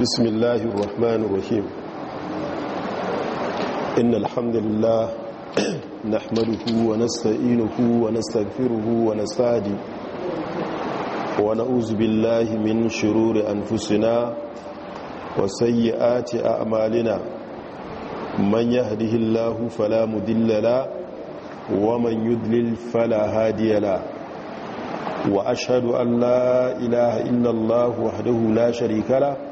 بسم الله الرحمن الرحيم إن الحمد لله نحمده ونستعينه ونستغفره ونستهدي ونعوذ بالله من شرور أنفسنا وسيئات أعمالنا من يهده الله فلا مدل له ومن يدلل فلا هادي له وأشهد أن لا إله إلا الله وحده لا شريك له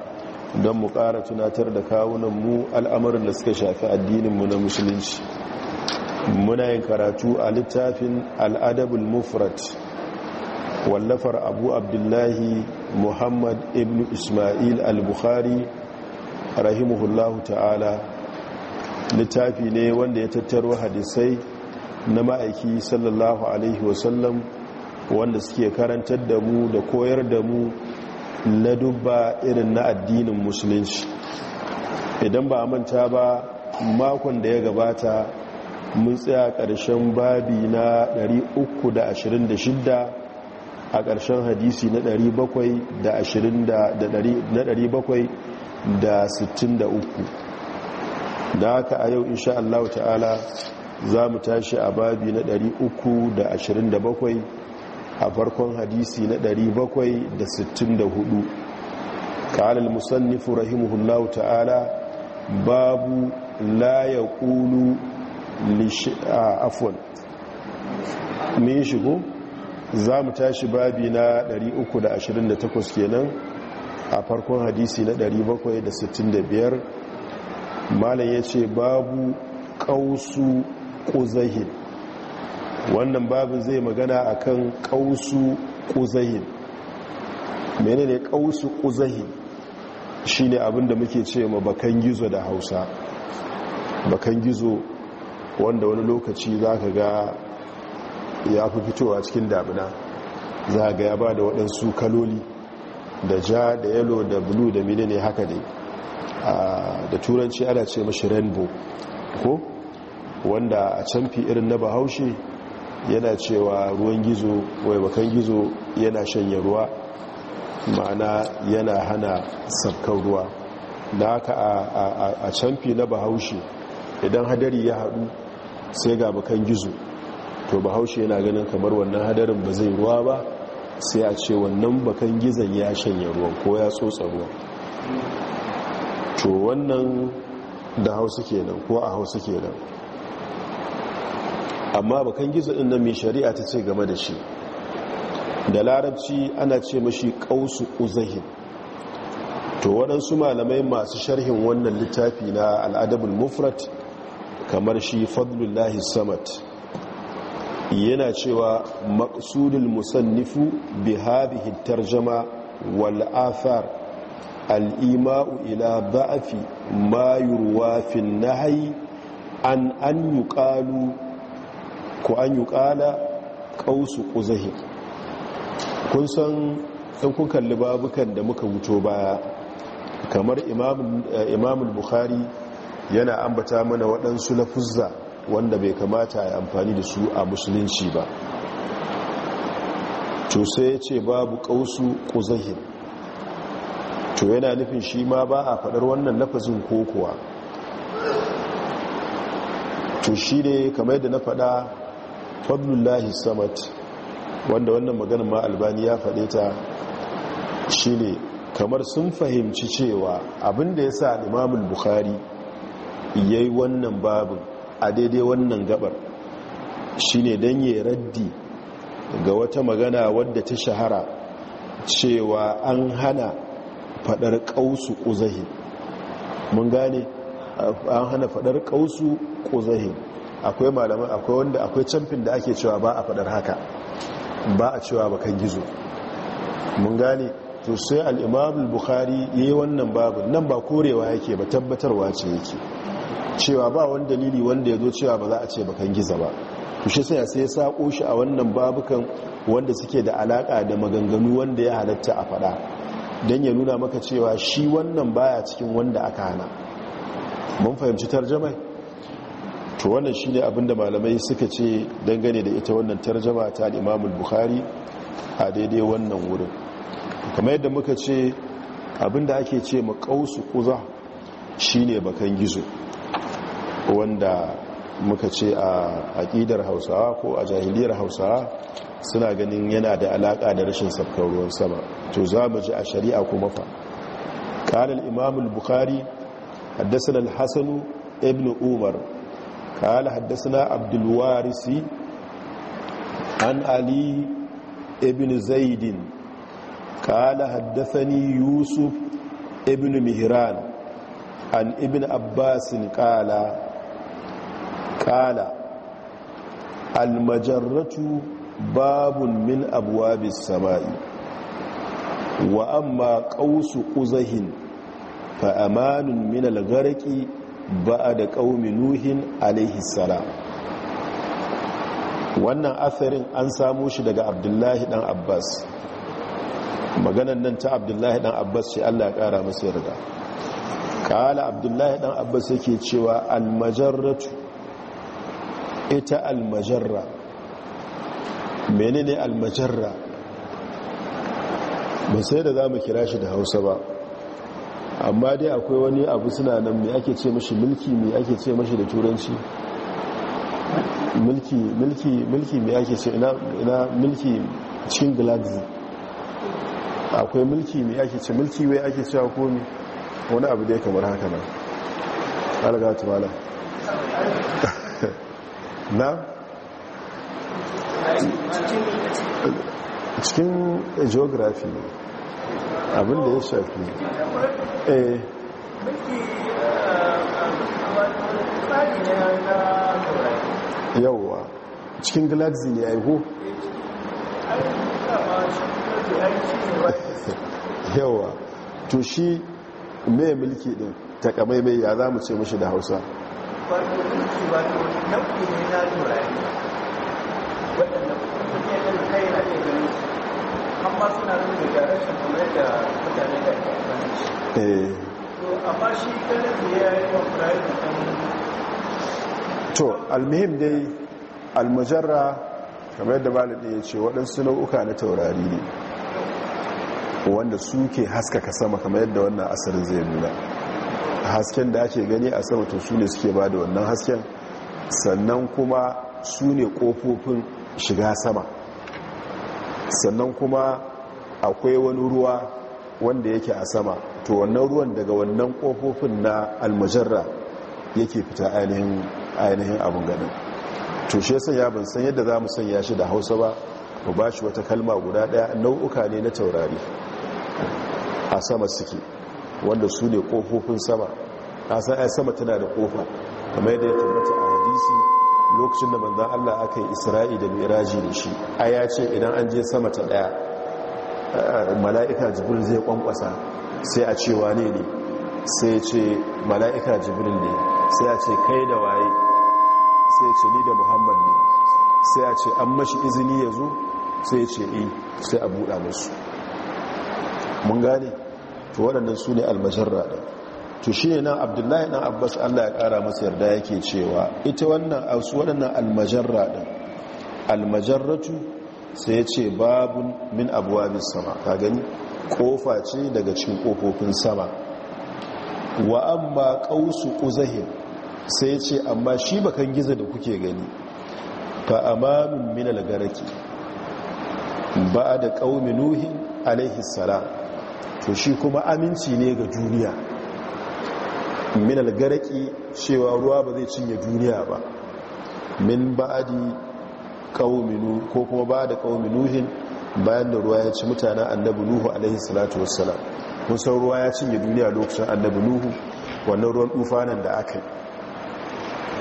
don mu ƙara tunatar da kawunan mu al'amarin da suka shafi addininmu na musulunci muna yin karatu a littafin al'adabul mufrat wallafar abu abdullahi muhammad ibn ismail al-bukhari rahimuhullahu ta'ala littafi ne wanda ya tattaro hadisai na ma'aiki sallallahu alaihi wasallam wanda suke karantar da mu da koyar da mu na dubba irin na addinin musulunci idan ba manta ba makon da ya gabata mun tsaya ƙarshen babi na 326 a ƙarshen hadisi na 763 da haka a yau insha Allah ta'ala za mu tashi a babi na 327 a farkon hadisi na 764 kalal musannifu rahimahullahu ta'ala babu la ya ƙulu afon yi shigo za mu tashi babi na 328 kenan a farkon hadisi na 765 malam ya ce babu ƙausu ƙuzahin wannan babin zai magana a akan ƙausu ne menene ƙuzahin shi shine abinda muke ce ma bakan gizo da Hausa bakan gizo wanda wani lokaci za ka ga ya fi fitowa cikin damina za ga ya ba da waɗansu kaloli da ja da yalo da bulu da mine ne haka ne da turanci ana ce mashi rainbow ko wanda a canfi irin na bahaushe yana cewa ruwan gizo wai bakan gizo yana shanye ruwa ma'ana yana hana sarkar ruwa da haka a canfi na bahaushe idan hadari ya haɗu sai ga bakan gizo to bahaushe yana ganin kamar wannan hadarin ba zai ruwa ba sai a ce wannan bakan gizon ya shanye ruwa ko ya tsotsa ruwa to wannan da hausa kenan ko a hausa kenan amma bakan gizo din nan mai shari'a ta ce game da shi da larabci ana ce mashi ƙausu uzahin to waɗansu malamai masu sharhin wannan littafi na al'adabul mufrat kamar shi fadlullahi samad yana cewa maksudul musannifu bi hadhihi tarjama wal al'imau ila ba'afi mayurwa yurwa fi nahyi an an ƙalu ko an yi ƙala ƙausu ƙuzahi kun san ɗan kun kalli babukan da muka wuto baya kamar imamul eh, bukhari yana ambata mana waɗansu na fuzza wanda bai kamata yi amfani da su a musulunci ba to sai ya ce babu ƙausu ƙuzahin to yana nufin shi ma ba a faɗar wannan lafazin ko kuwa to shi ne kamar da na faɗa fadlullahi samad wanda wannan maganin ma albani ya faɗe ta shi ne. kamar sun fahimci cewa abinda ya sa imamul bukhari ya yi wannan babin a daidai wannan gabar Shi ne don yi raddi ga wata magana wadda ta shahara cewa an hana fadar ƙausu ƙuzahi mun gane an hana fadar ƙausu ƙuzahi akwai malamai akwai wanda akwai camfin da ake cewa ba a faɗar haka ba a cewa ba kan gizo mun gane to sai al'imamul bukhari ya yi wannan babu nan ba korewa yake ba tabbatarwa ce yake cewa ba wani dalili wanda ya zo cewa ba za a ce ba kan giza ba kushe sai sai ya saƙo shi a wannan babukan wanda suke da alaƙa da maganganu wanda ya halatta a faɗa don ya nuna maka cewa shi wannan baya cikin wanda aka hana mun fahimci tarjamai to wannan shi ne abinda malamai suka ce dangane da ita wannan tarjama ta imamul buhari a daidai wannan wurin kamar yadda muka ce abinda ake ce makausu kuza shi ne bakan gizo wanda muka ce a aƙidar hausawa ko a jahiliyar hausawa suna ganin yana da alaƙa da rashin safkar ruwan sama to za mu ji a shari'a kuma fa imamul buhari haddasa Hassanu, الحسن Umar. umar قال حدثنا عبد الوارث عن علي ابن زيد قال حدثني يوسف ابن مهران عن ابن عباس قال قال المجرة باب من أبواب السماء وأما قوس قزه فأمان من الغرق ba'a da ƙaumi nuhin alaihissalam wannan asarin an samu shi daga abdullahi dan abbas maganan nan ta abdullahi dan abbas ce allah ya ƙara masu yarda ƙala abdullahi dan abbas yake cewa almajarratu ita almajarra menene almajarra ba sai da zamu kira shi da hausa ba amma dai akwai wani abu suna nan mai ake ce mashi mulki mai ake ce mashi da turanci mulki mulki mulki mai ake ce ina mulki cikin galaxy akwai mulki mai ake ce mulki wai ake cewa komi wani abu dai kamar haka nan alga tumala na cikin geography ne abinda ya shafi eh cikin galaxy ne ho yauwa to shi mai mulki din takamaimai ya za mu ce mashi da hausa Eh. to almuhim dai almujarra kamar yadda malami ya ce waɗansu nau'uka na taurari ne wanda suke haskaka sama kamar yadda wannan asirin zai nuna hasken da ake gani a sama to su ne suke ba da wannan hasken sannan kuma su ne ƙofofin shiga sama sannan kuma akwai wani ruwa wanda yake a sama to wannan ruwan daga wannan kofofin na almujarra yake fita ainihin abin gadin to shi yasa ya ban san yadda za mu sanya shi da hausa ba mu ba shi wata kalma guda daya nau'uka ne na taurari a sama suke wanda su ne kofofin sama a san ai sama tana da kofa kamar yadda ya tabbata a hadisi lokacin da manzan allah aka yi isra'i da miraji da shi a ya ce idan an je sama ta daya mala'ika jibril zai kwankwasa sai a cewa ne ne sai ce mala'ika jibril ne sai a ce kai da waye sai ce ni da muhammad ne sai a ce an mashi izini ya zo sai ce yi eh. sai a buɗa musu mun gane to waɗannan su ne almasharra ɗin to shi ne nan abdullahi ɗan abbas allah ya ƙara masa yarda yake cewa ita wannan waɗannan almajarra ɗin almajarratu sai ya ce babun min abuwa sama ka gani kofa ce daga cikin kofofin sama wa an ba kausu kuzahin sai ya ce amma shi bakan gizo da kuke gani ka amanun min algaraki ba da qaumi nuhin alaihi salam to shi kuma aminci ne ga duniya min algaraki cewa ruwa ba zai cinye duniya ba min ba'adi qauminu ko kuma ba da qauminuhin bayan da ruwa ya ci mutanen annabi nuhu alaihi salatu wassalam kun san ruwa ya cinye duniya lokacin annabi nuhu wannan ruwan dufanan da aka yi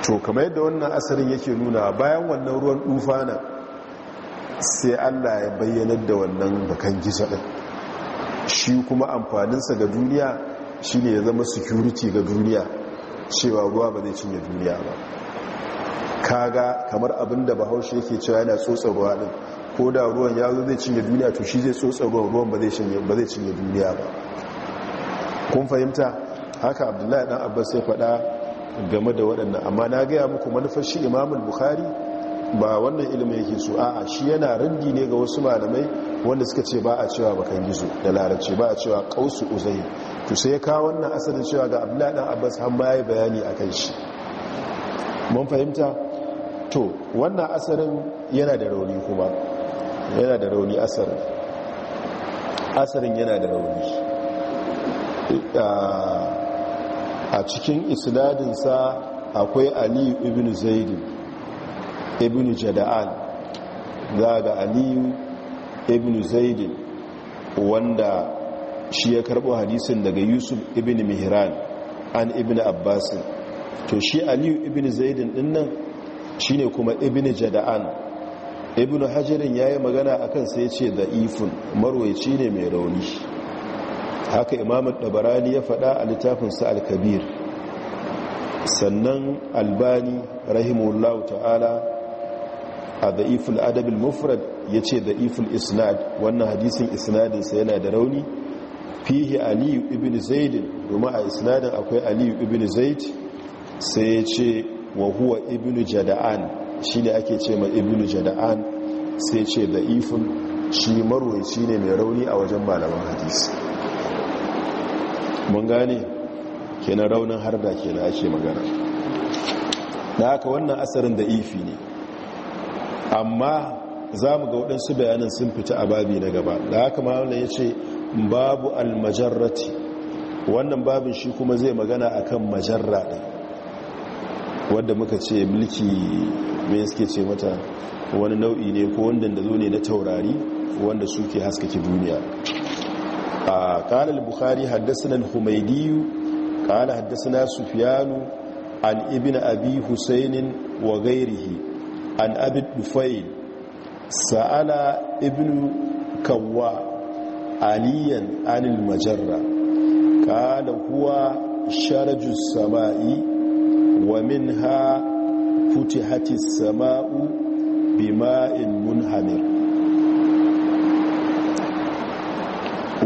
to kamar yadda wannan asarin yake nuna bayan wannan ruwan dufanan sai Allah ya bayyanar da wannan bakan gisa ɗin shi kuma amfaninsa ga duniya shi ne ya zama security ga duniya cewa ruwa ba zai cinye duniya ba kaga kamar abin da bahaushe yake cewa yana tsotsa ruwa din ko da ruwan ya zo zai cinye duniya to shi zai tsotsa ruwan ruwan ba zai cinye duniya ba kun fahimta haka abdullahi dan abbas sai faɗa game da waɗannan amma na gaya muku manufar shi imamul bukhari ba wannan ilimin yake so a'a shi yana randi ne ga wasu malamai wanda suka ce ba a cewa bakan gizo da larabci ba a cewa kausu uzai to sai ya kawo wannan asalin cewa ga abdullahi dan abbas har ma yi bayani akan shi mun fahimta to wannan asarin yana da rauni kuma yana da rauni asarin asarin yana da rauni eh, a cikin isnadinsa akwai aliyu ibn zaidi ibn jada'an za ga aliyu ibn zaidi wanda shi ya karbo hadisin daga yusuf ibn mihran an ibn abbasin to shi aliyu ibn zaidin dinnan Shi ne kuma ibn jada'an ibn hajarin yayi magana akan sai ce da ifun marwaici ne mai rauni haka imam dabarani ya faɗa a littafin al Alkabir. sannan albani rahimullahu ta'ala a da'iful adabil mufrad ya ce da'iful isnad wannan hadisin isnadinsa yana da rauni fihi aliyu ibn zaidin domin a isnadin akwai aliyu ibn zaid sai ya ce wa huwa ibnu jada'an shi ne ake ce ma ibnu jada'an sai ce da ifin shi shi ne mai rauni a wajen malaman hadisi mun gane kenan raunin harda kenan ake magana da haka wannan asarin da ifi ne amma za mu ga waɗansu bayanan sun fita a babi na gaba da haka ma'amala ya ce babu almajarrati wannan babin shi kuma zai magana akan majarra ɗin wadda muka ce mulki mai suke ce mata wani nau'i ne ko wanda da zo ne na taurari wanda suke haskake duniya a kanar bukhari haddasinan humaidiyu kanar haddasinan sufiyanu an ibn abi husaini wa gairihi an abin dufail sa'ala ibn kawwa aliyan anil majarra kana huwa sharajus sama'i wa kuti hati sama'u bima'in hamir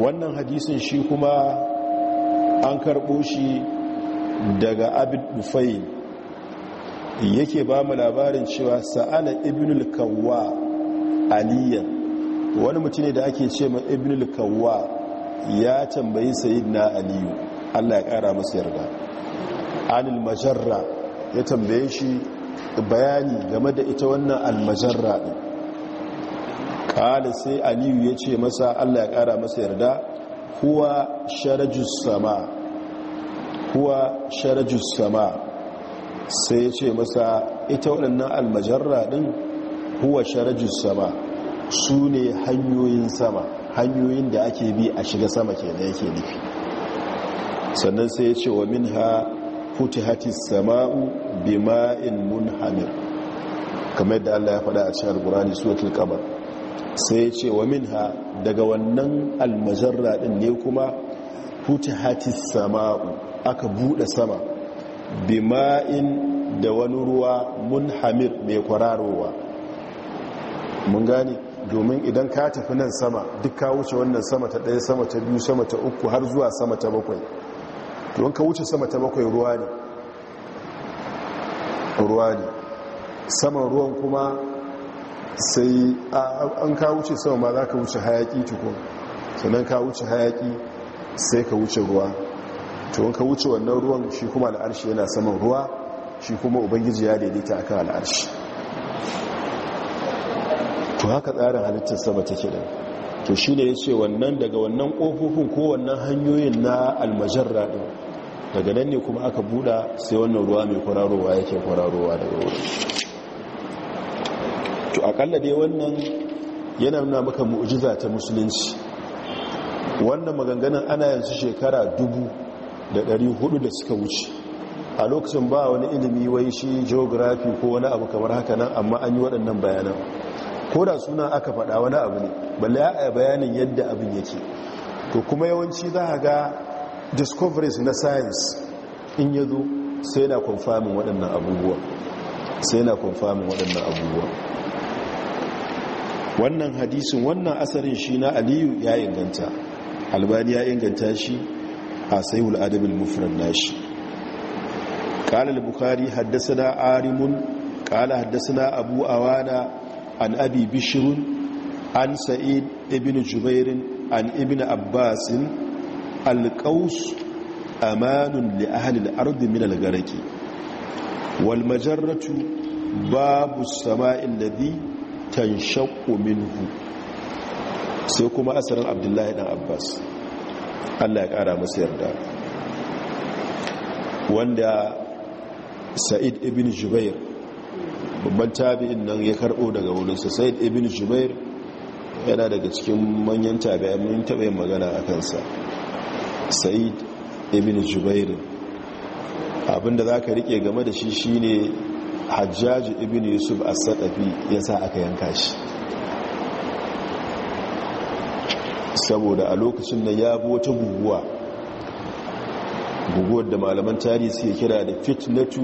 wannan hadisin shi kuma an karɓo shi daga abin ɗufai yake ba mu labarin cewa sa'ana ibnul kawwa aliyan wani mutum ne da ake ce ma ibnul kawwa ya tambayi sayid na aliyu allah ya ƙara masu yarda al majarra ya tambaye shi bayani game da ita wannan almajarra din. kala sai aliyu ya ce masa allah ya ƙara masa yarda huwa sharajus sama huwa sharajus sama sai ya ce masa ita waɗannan almajarra ɗin huwa sharajus sama su ne hanyoyin sama hanyoyin da ake bi a shiga sama ke da yake nufi sannan sai ya ce wa min ha futihati sama'u bima'in munhamir kamar da Allah ya faɗa a cikin alkurani suratul qamar sai ya ce wa minha daga wannan almajarra din ne kuma futihati sama'u aka bude sama bima'in da wani ruwa munhamir mai kwararowa mun gane domin idan ka tafi nan sama duk ka wuce wannan sama ta ɗaya sama ta biyu sama ta uku har zuwa sama ta bakwai don ka wuce sama ta bakwai ruwa ne ruwa ne saman ruwan kuma sai an ka wuce sama ma za ka wuce hayaki tukun sannan ka wuce hayaki sai ka wuce ruwa to ka wuce wannan ruwan shi kuma al'arshi yana saman ruwa shi kuma ubangiji ya daidaita kan al'arshi to haka tsarin halittar sama take da to shi ne ya ce wannan daga wannan ƙofofin ko wannan hanyoyin na almajar ɗin daga nan ne kuma aka buɗa sai wannan ruwa mai kwararowa yake kwararowa daga wurin to akalla dai wannan yana nuna maka mu'jiza ta musulunci wannan maganganun ana yanzu shekara dubu da ɗari hudu da suka wuce a lokacin ba wani ilimi wai shi geography ko wani abu kamar haka nan amma an yi waɗannan bayanan ko da suna aka faɗa wani abu ne balle ya bayanin yadda abin yake to kuma yawanci za a ga discoveries na science in ya zo sai na konfamin waɗannan abubuwa sai na konfamin waɗannan abubuwa wannan hadisin wannan asarin shi na aliyu ya inganta albani ya inganta shi a sayul adabin mufran nashi قال البخاري حدثنا عارم قال حدثنا أبو أوانا عن أبي بشر عن سعيد ابن جبير عن ابن عباس alƙaus amanun li ahalil ardi min algaraki wal majarratu babu sama'in shaƙo tanshaqqu minhu sai kuma asarin abdullahi dan abbas Allah ya ƙara masa yarda wanda sa'id ibn jubair babban tabi'in nan ya karɓo daga wurinsa sa'id ibn jubair yana daga cikin manyan tabi'in mun taɓa yin magana a kansa sa'id ibn jubair abinda za ka rike game da shi shine hajjaji ibn yusuf as ya yasa aka yanka shi saboda a lokacin da ya bi wata guguwa guguwar da malaman tarihi suke kira da fitnatu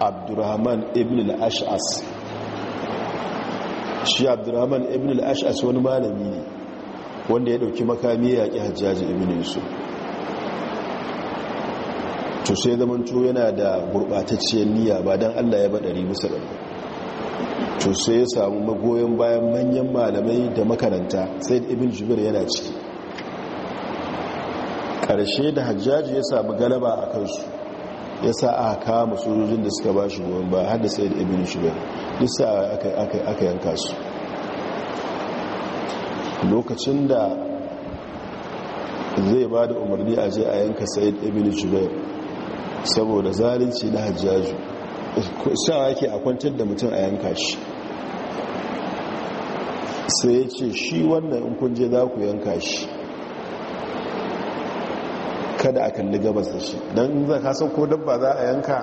abdurrahman ibn al-ash'as shi abdurrahman ibn al-ash'as wani malami ne wanda ya dauki makami ya yaƙi hajjaji ibn yusuf to sai zamanto yana da gurɓatacciyar niyya ba don allah ya baɗari musa ɗari to sai ya samu magoyan bayan manyan malamai da makaranta sai da ibin jibir yana ciki ƙarshe da hajjaji ya samu galaba a kansu ya sa aka kama sojojin da suka ba shi goyon ba har da sai da ibin jibir duk sa aka yanka su lokacin da zai ba da umarni a je a yanka said ibn jubair saboda zalunci na hajjaju shawa yake a kwantar da mutum a yanka shi sai ya ce shi wannan in kunje za ku yanka shi kada a kalli gabas da shi don za ka san ko dabba za a yanka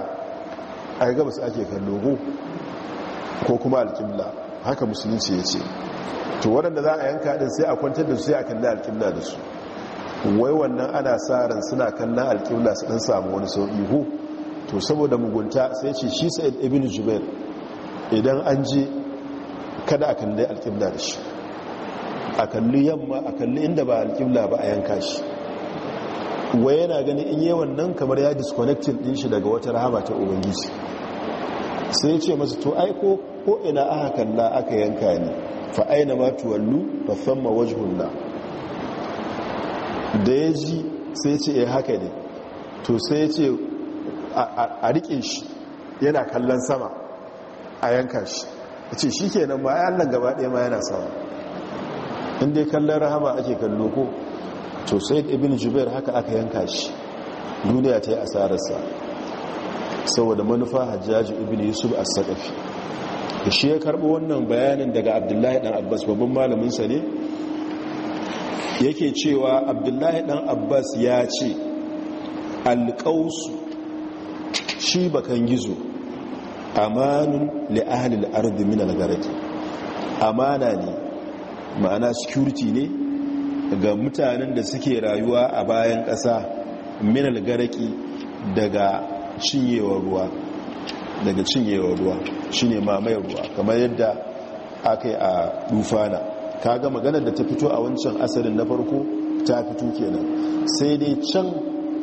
a gabas ake kallo ko ko kuma alkimla haka musulunci ya ce to waɗanda za a yanka ɗin sai a kwantar da su sai a kalli alkimla da su wai wannan ana sa ran suna kanna alƙibla su ɗan samu wani sauƙi hu to saboda mugunta sai ce shi sa'id ibn jubair idan an je kada a kalli alƙibla da shi a kalli yamma a kalli inda ba alƙibla ba a yanka shi wai yana gani in yi wannan kamar ya disconnecting ɗin shi daga wata rahama ta ubangiji sai ce masu to aiko ko ina aka kalla aka yanka ni, fa aina ma tuwallu fa famma wajhullah da ya ji sai ce ya eh, haka ne to sai ce a riƙe shi yana kallon sama a yanka shi A ce shi kenan ma bayan nan gaba ɗaya ma yana sama inda ya kallon rahama ake kallo ko to sai ibn jubair haka aka yanka shi duniya ta yi asararsa saboda manufa hajjaji ibn yusuf as da shi ya karɓi wannan bayanin daga abdullahi ɗan abbas babban malaminsa ne yake cewa abdullahi dan abbas ya ce alƙausu shi bakan gizo amanun li ahlil ardi min al-garati amana ne ma'ana security ne ga mutanen da suke rayuwa a bayan ƙasa min al-garaki daga cinyewar ruwa daga cinyewar ruwa shine mamayar ruwa kamar yadda aka yi a dufana Ka ga maganar da ta fito a wancan asalin na farko ta fito kenan sai dai can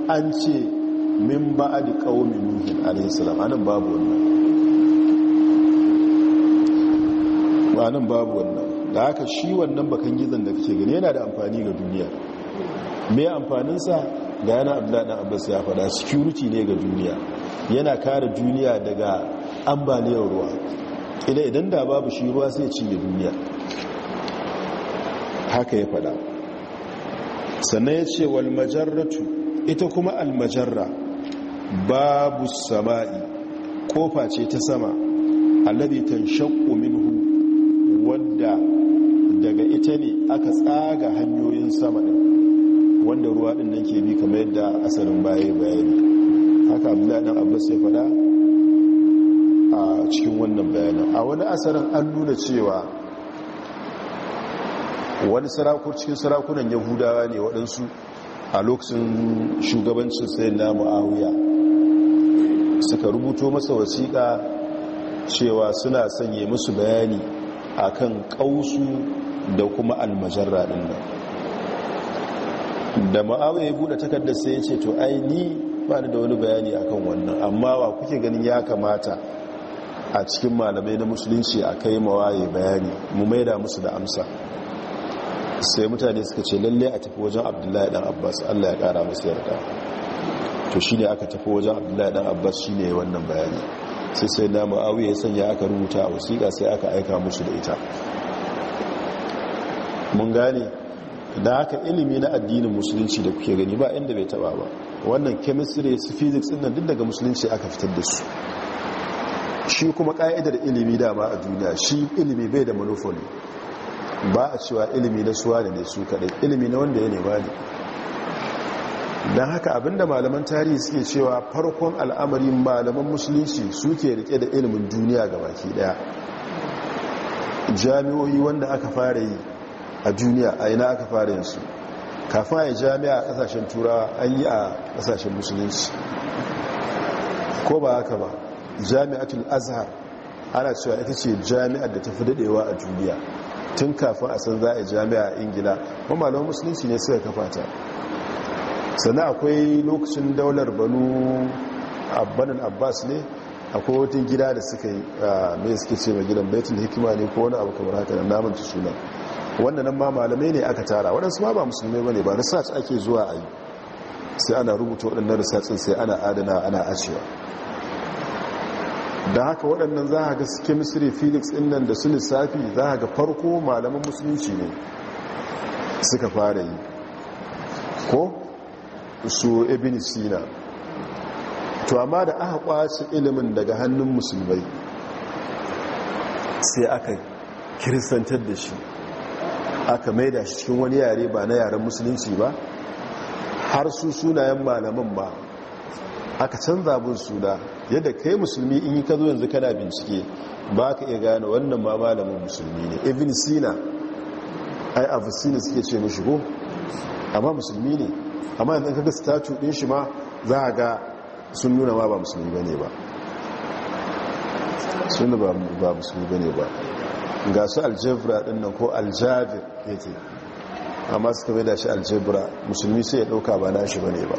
an ce min ba ba'adi qaumi nuhin alaihi salam anan babu wannan anan babu wannan da haka shi wannan bakan gizon da kake gani yana da amfani ga duniya me amfaninsa ga yana abu abbas ya fada security ne ga duniya yana kare duniya daga ambaliyar ruwa idan da babu shi ruwa sai cinye duniya haka ya fada sannan ya ce walmajarratu ita kuma almajarra babu sama'i kofa ce ta sama alladhi tanshaqu minhu wadda daga ita ne aka tsaga hanyoyin sama din wanda ruwa din nan ke bi kamar yadda asalin baya bayani haka abdullahi dan abbas ya fada a cikin wannan bayanin a wani asarin an nuna cewa wani cikin sarakunan yahudawa ne waɗansu a lokacin shugabancin sai na ma'awuya suka rubuto masa wasiƙa cewa suna sanye musu bayani akan ƙausu da kuma almajarra ɗin nan da ma'awuya ya buɗe takardar sai ya ce to ai ni ba da wani bayani akan wannan amma wa kuke ganin ya kamata a cikin malamai na musulunci a kai mawaye bayani mu maida musu da amsa sai mutane suka ce lalle a tafi wajen abdullahi dan abbas allah ya kara musu yarda to shi ne aka tafi wajen abdullahi dan abbas shi ne wannan bayani sai sai na ma'awiyar ya sanya aka rubuta a wasiƙa sai aka aika musu da ita mun gane da haka ilimi na addinin musulunci da kuke gani ba inda bai taba ba wannan chemistry su physics ɗin duk daga musulunci aka fitar da su shi kuma ka'idar ilimi dama a duniya shi ilimi bai da monopoly ba a cewa ilimi na suwa ne su kadai ilimi na wanda ya nema ne don haka abinda malaman tarihi suke cewa farkon al'amari malaman musulunci suke rike da ilimin duniya ga baki daya Jami'oyi wanda aka fara yi a duniya a ina aka fara su kafin a yi jami'a a kasashen turawa an yi a kasashen musulunci ko ba haka ba jami'atul azhar ana cewa ita ce jami'ar da ta fi dadewa a duniya tun kafin a san za a jami'a a ingila mamalon musulunci ne suka kafa ta sannan akwai lokacin daular banu abbanin abbas ne akwai wata gida da suka yi mai suke ce mai gidan baitul hikima ne ko wani abu kamar haka nan namun suna wannan ma malamai ne aka tara waɗansu ma ba musulmai ba ne ba research ake zuwa a yi sai ana rubuta waɗannan research sai ana adana ana acewa da haka waɗannan za a ga su misiri felix ɗin da su lissafi za a ga farko malaman musulunci ne suka fara yi ko su ibn sina to amma da aka kwaci ilimin daga hannun musulmai sai aka kiristantar da shi aka maida shi cikin wani yare ba na yaren musulunci ba har su sunayen malaman ba aka canza bin suna yadda kai musulmi in yi ka zo yanzu kana bincike ba ka iya gane wannan ma malamin musulmi ne ibn sina ai avicina suke ce mu shigo. amma musulmi ne amma yanzu kaga statue din shi ma za a ga sun nuna ma ba musulmi bane ba sun ba ba musulmi bane ba ga su aljabra din nan ko aljabir yake amma suka mai da shi aljabra musulmi sai ya dauka ba nashi bane ba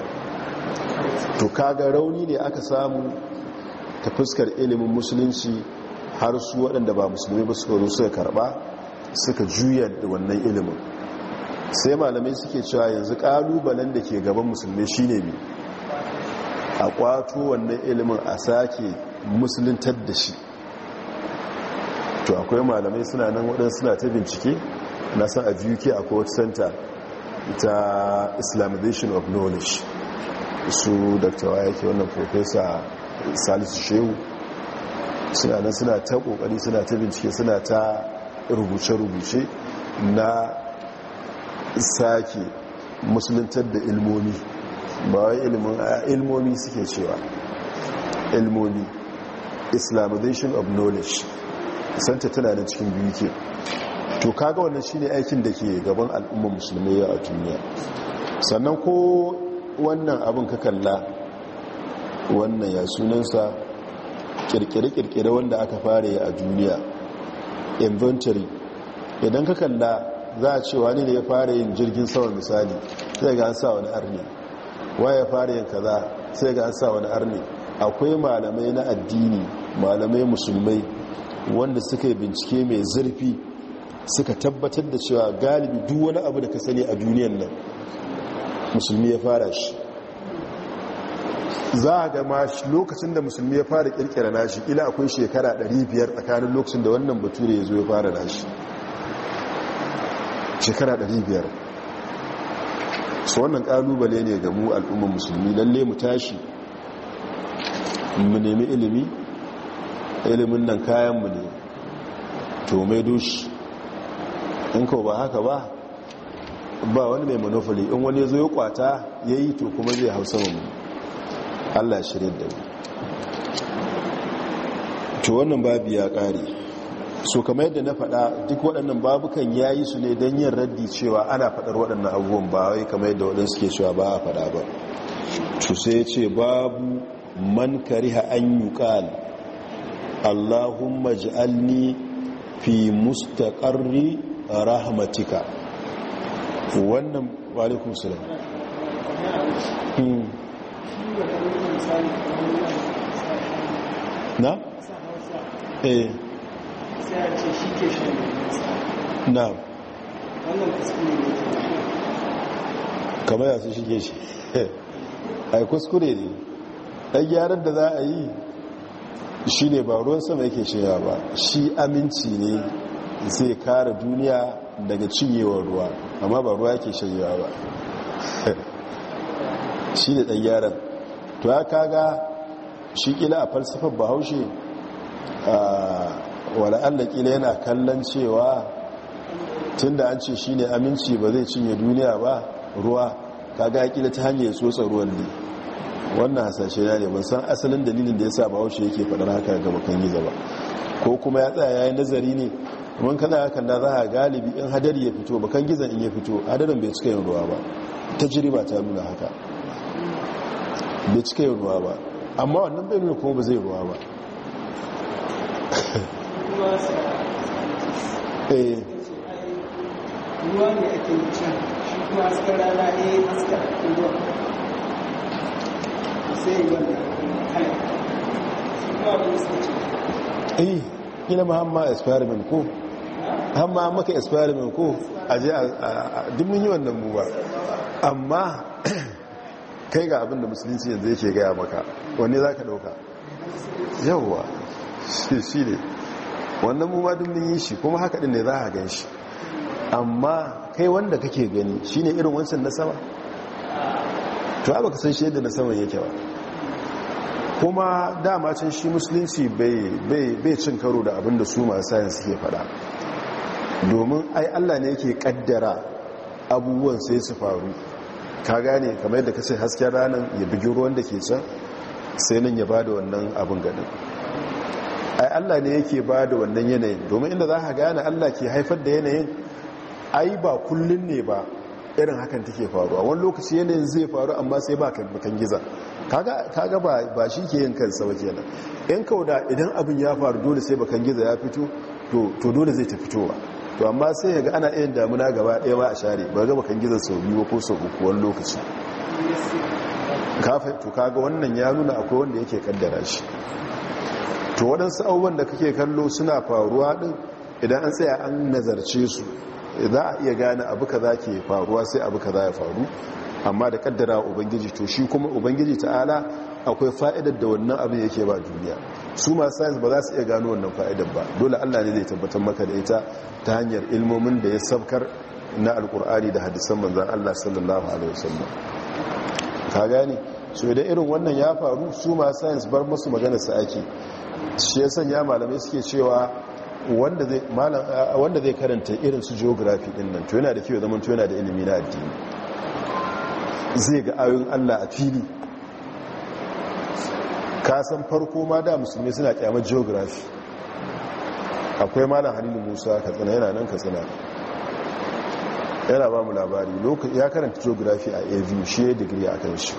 to kaga rauni ne aka samu ta fuskar ilimin musulunci har su waɗanda ba musulmi ba suka zo suka karɓa suka juya da wannan ilimin sai malamai suke cewa yanzu ƙalubalen da ke gaban musulmi shi ne a ƙwato wannan ilimin a sake musuluntar da shi to akwai malamai suna nan waɗansu suna ta bincike na san a uk a court center ta islamization of knowledge su dr Wayake wannan professor salisu shehu suna nan suna ta kokari suna ta bincike suna ta rubuce-rubuce na sake musuluntar da ilmomi ba wai ilmomi suke cewa ilmomi islamization of knowledge santa tana da cikin biyu ke to kaga wannan shine aikin da ke gaban al'ummar musulmai a duniya sannan ko wannan abin ka kalla wannan ya sunansa kirkire-kirkire wanda aka fara yi a duniya inventory idan ka kalla za a ce wani ne ya fara yin jirgin sama misali sai ga an sa wani arni waya fara yin kaza sai ga an sa wani arni akwai malamai na addini malamai musulmai wanda suka yi bincike mai zurfi suka tabbatar da cewa galibi duk wani abu da ka sani a duniyan nan musulmi ya fara shi za a gama lokacin da musulmi ya fara kirkira nashi ila akwai shekara 500 tsakanin lokacin da wannan bature ya zo ya fara nashi shekara 500 su wannan kalubale ne ga mu al'umman musulmi lalle mu tashi mu nemi ilimi ilimin nan kayanmu ne to mai doshi in kawo ba haka ba ba wani mai manufali in wani ya zo ya kwata ya yi to kuma zai hausa mu allah shirin da mu to wannan babu ya ƙare so kamar yadda na faɗa duk waɗannan babukan ya yi su ne don yin raddi cewa ana faɗar waɗannan abubuwan ba wai kamar yadda waɗansu ke cewa ba a faɗa ba to sai ce babu man kariha an yi ƙal allahumma ji'alni fi mustaƙarri rahmatika wannan walikun sulam hmm. na? shi eh. ke na kamar yasu shige shi a kuskure ne ɗan gyaran da za a yi shi ne ba ruwan sama yake shaya ba shi aminci ne zai kara duniya daga cinyewar ruwa amma ba ruwa yake shayewa ba shi ne ɗan gyaran to ya kaga shi kila a falsafar bahaushe wala allah kila yana kallon cewa tun da an ce shi ne aminci ba zai cinye duniya ba ruwa kaga ya kila ta hanyar tsotsa ruwan ne wannan hasashe ya ne ban san asalin dalilin da ya sa bahaushe yake faɗar haka ga bakan yi zaba ko kuma ya tsaya ya yi nazari ne mun kana haka za a galibi in hadari ya fito bakan gizan in ya fito hadarin bai cika yin ruwa ba ta jiriba ta nuna haka bai cika yin ruwa ba amma wannan bai nuna kuma ba zai ruwa ba ina eh. ne eh, eh, ma hamma experiment ko hamma maka experiment ko a je a dimmin yi wannan buwa amma kai ga abinda musulunci yanzu yake gaya maka wanne za ka ɗauka yauwa shi ne wannan mu mun yi shi kuma haka din ne za a gan shi amma kai wanda kake gani shi ne irin wancan na sama to ba ka san shi yadda na saman yake ba kuma dama can shi musulunci bai cin karo da abinda su masu sayansu ke fada domin ai allah ne yake kaddara abubuwan sai su faru ka gane kamar yadda ka ce hasken ranar ya bugi ruwan da ke can sai nan ya ba da wannan abin gaɗin ai allah ne yake ba da wannan yanayin domin inda za ka gane allah ke haifar da yanayin ai ba kullun ne ba irin hakan take faruwa wani lokaci yanayin zai faru amma sai ba kan giza kaga ba shi ke yin kansa ba kenan yan kauda idan abin ya faru dole sai bakan giza ya fito to dole zai ta fitowa to amma sai yaga ana iya damuna gaba ɗaya ba a share ba gaba kan gizo sau biyu ko sau uku wani lokaci kafin to kaga wannan ya nuna akwai wanda yake kaddara shi to waɗansu abubuwan da kake kallo suna faruwa ɗin idan an tsaya an nazarce su za a iya gane abu kaza ke faruwa sai abu kaza ya faru amma da kaddara ubangiji to shi kuma ubangiji ta'ala akwai fa'idar da wannan abin yake ba duniya su masu science ba za su iya gano wannan fa'idar ba dole allah ne zai tabbatar maka da ita ta hanyar ilmomin da ya sabkar na alkur'ani da hadisan manzan allah sallallahu alaihi wasallam ka gani so idan irin wannan ya faru su masu science bar masu magana su ake shi ya sanya malamai suke cewa wanda zai karanta irin su geography din nan to yana da kyau zaman to yana da ilimi na addini zai ga ayoyin allah a fili kasan farko ma da musulmi suna kyamar geography akwai malam halilu musa katsina yana nan katsina yana ba mu labari ya karanta geography a avu shi ya digiri a kan shi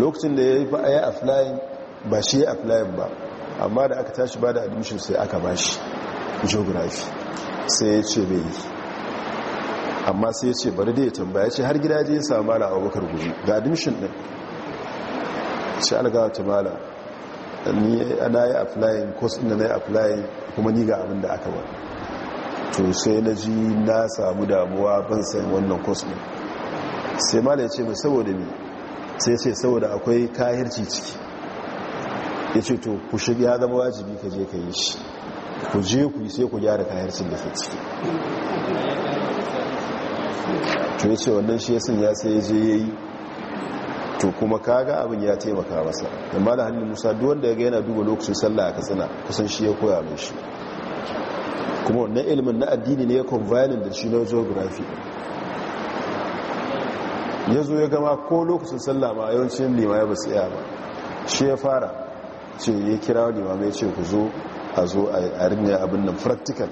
lokacin da ya yi a aflayin ba shi ya aflayin ba amma da aka tashi ba da admission sai aka ba shi geography sai ya ce bai yi amma sai ya ce bari da ya tambaya ce har gida je ya samu malam abubakar guji da admission ɗin ce alga wata mala na yi aflayin kos ɗin na yi aflayin kuma ni ga abin da aka ba to sai na ji na samu damuwa ban sayan wannan kos sai mala ya ce mai saboda ne sai ce saboda akwai kahirci ciki ya ce to ku shiga ya zama wajibi ka je ka yi shi ku je ku sai ku gyara kahircin da ke ciki to ya ce wannan shi ya sun ya sai ya je ya yi to kuma kaga abin ya taimaka masa amma da hannun musa duk wanda ya ga yana duba lokacin sallah a tsina kusan shi ya koya mai shi kuma wannan ilimin na addini ne ya convining da shi na geography ya zo ya gama ko lokacin sallah ma yawancin limaya ba su ba shi ya fara ce ya kira wa limama ya ce ku zo a zo a rinne abin nan practical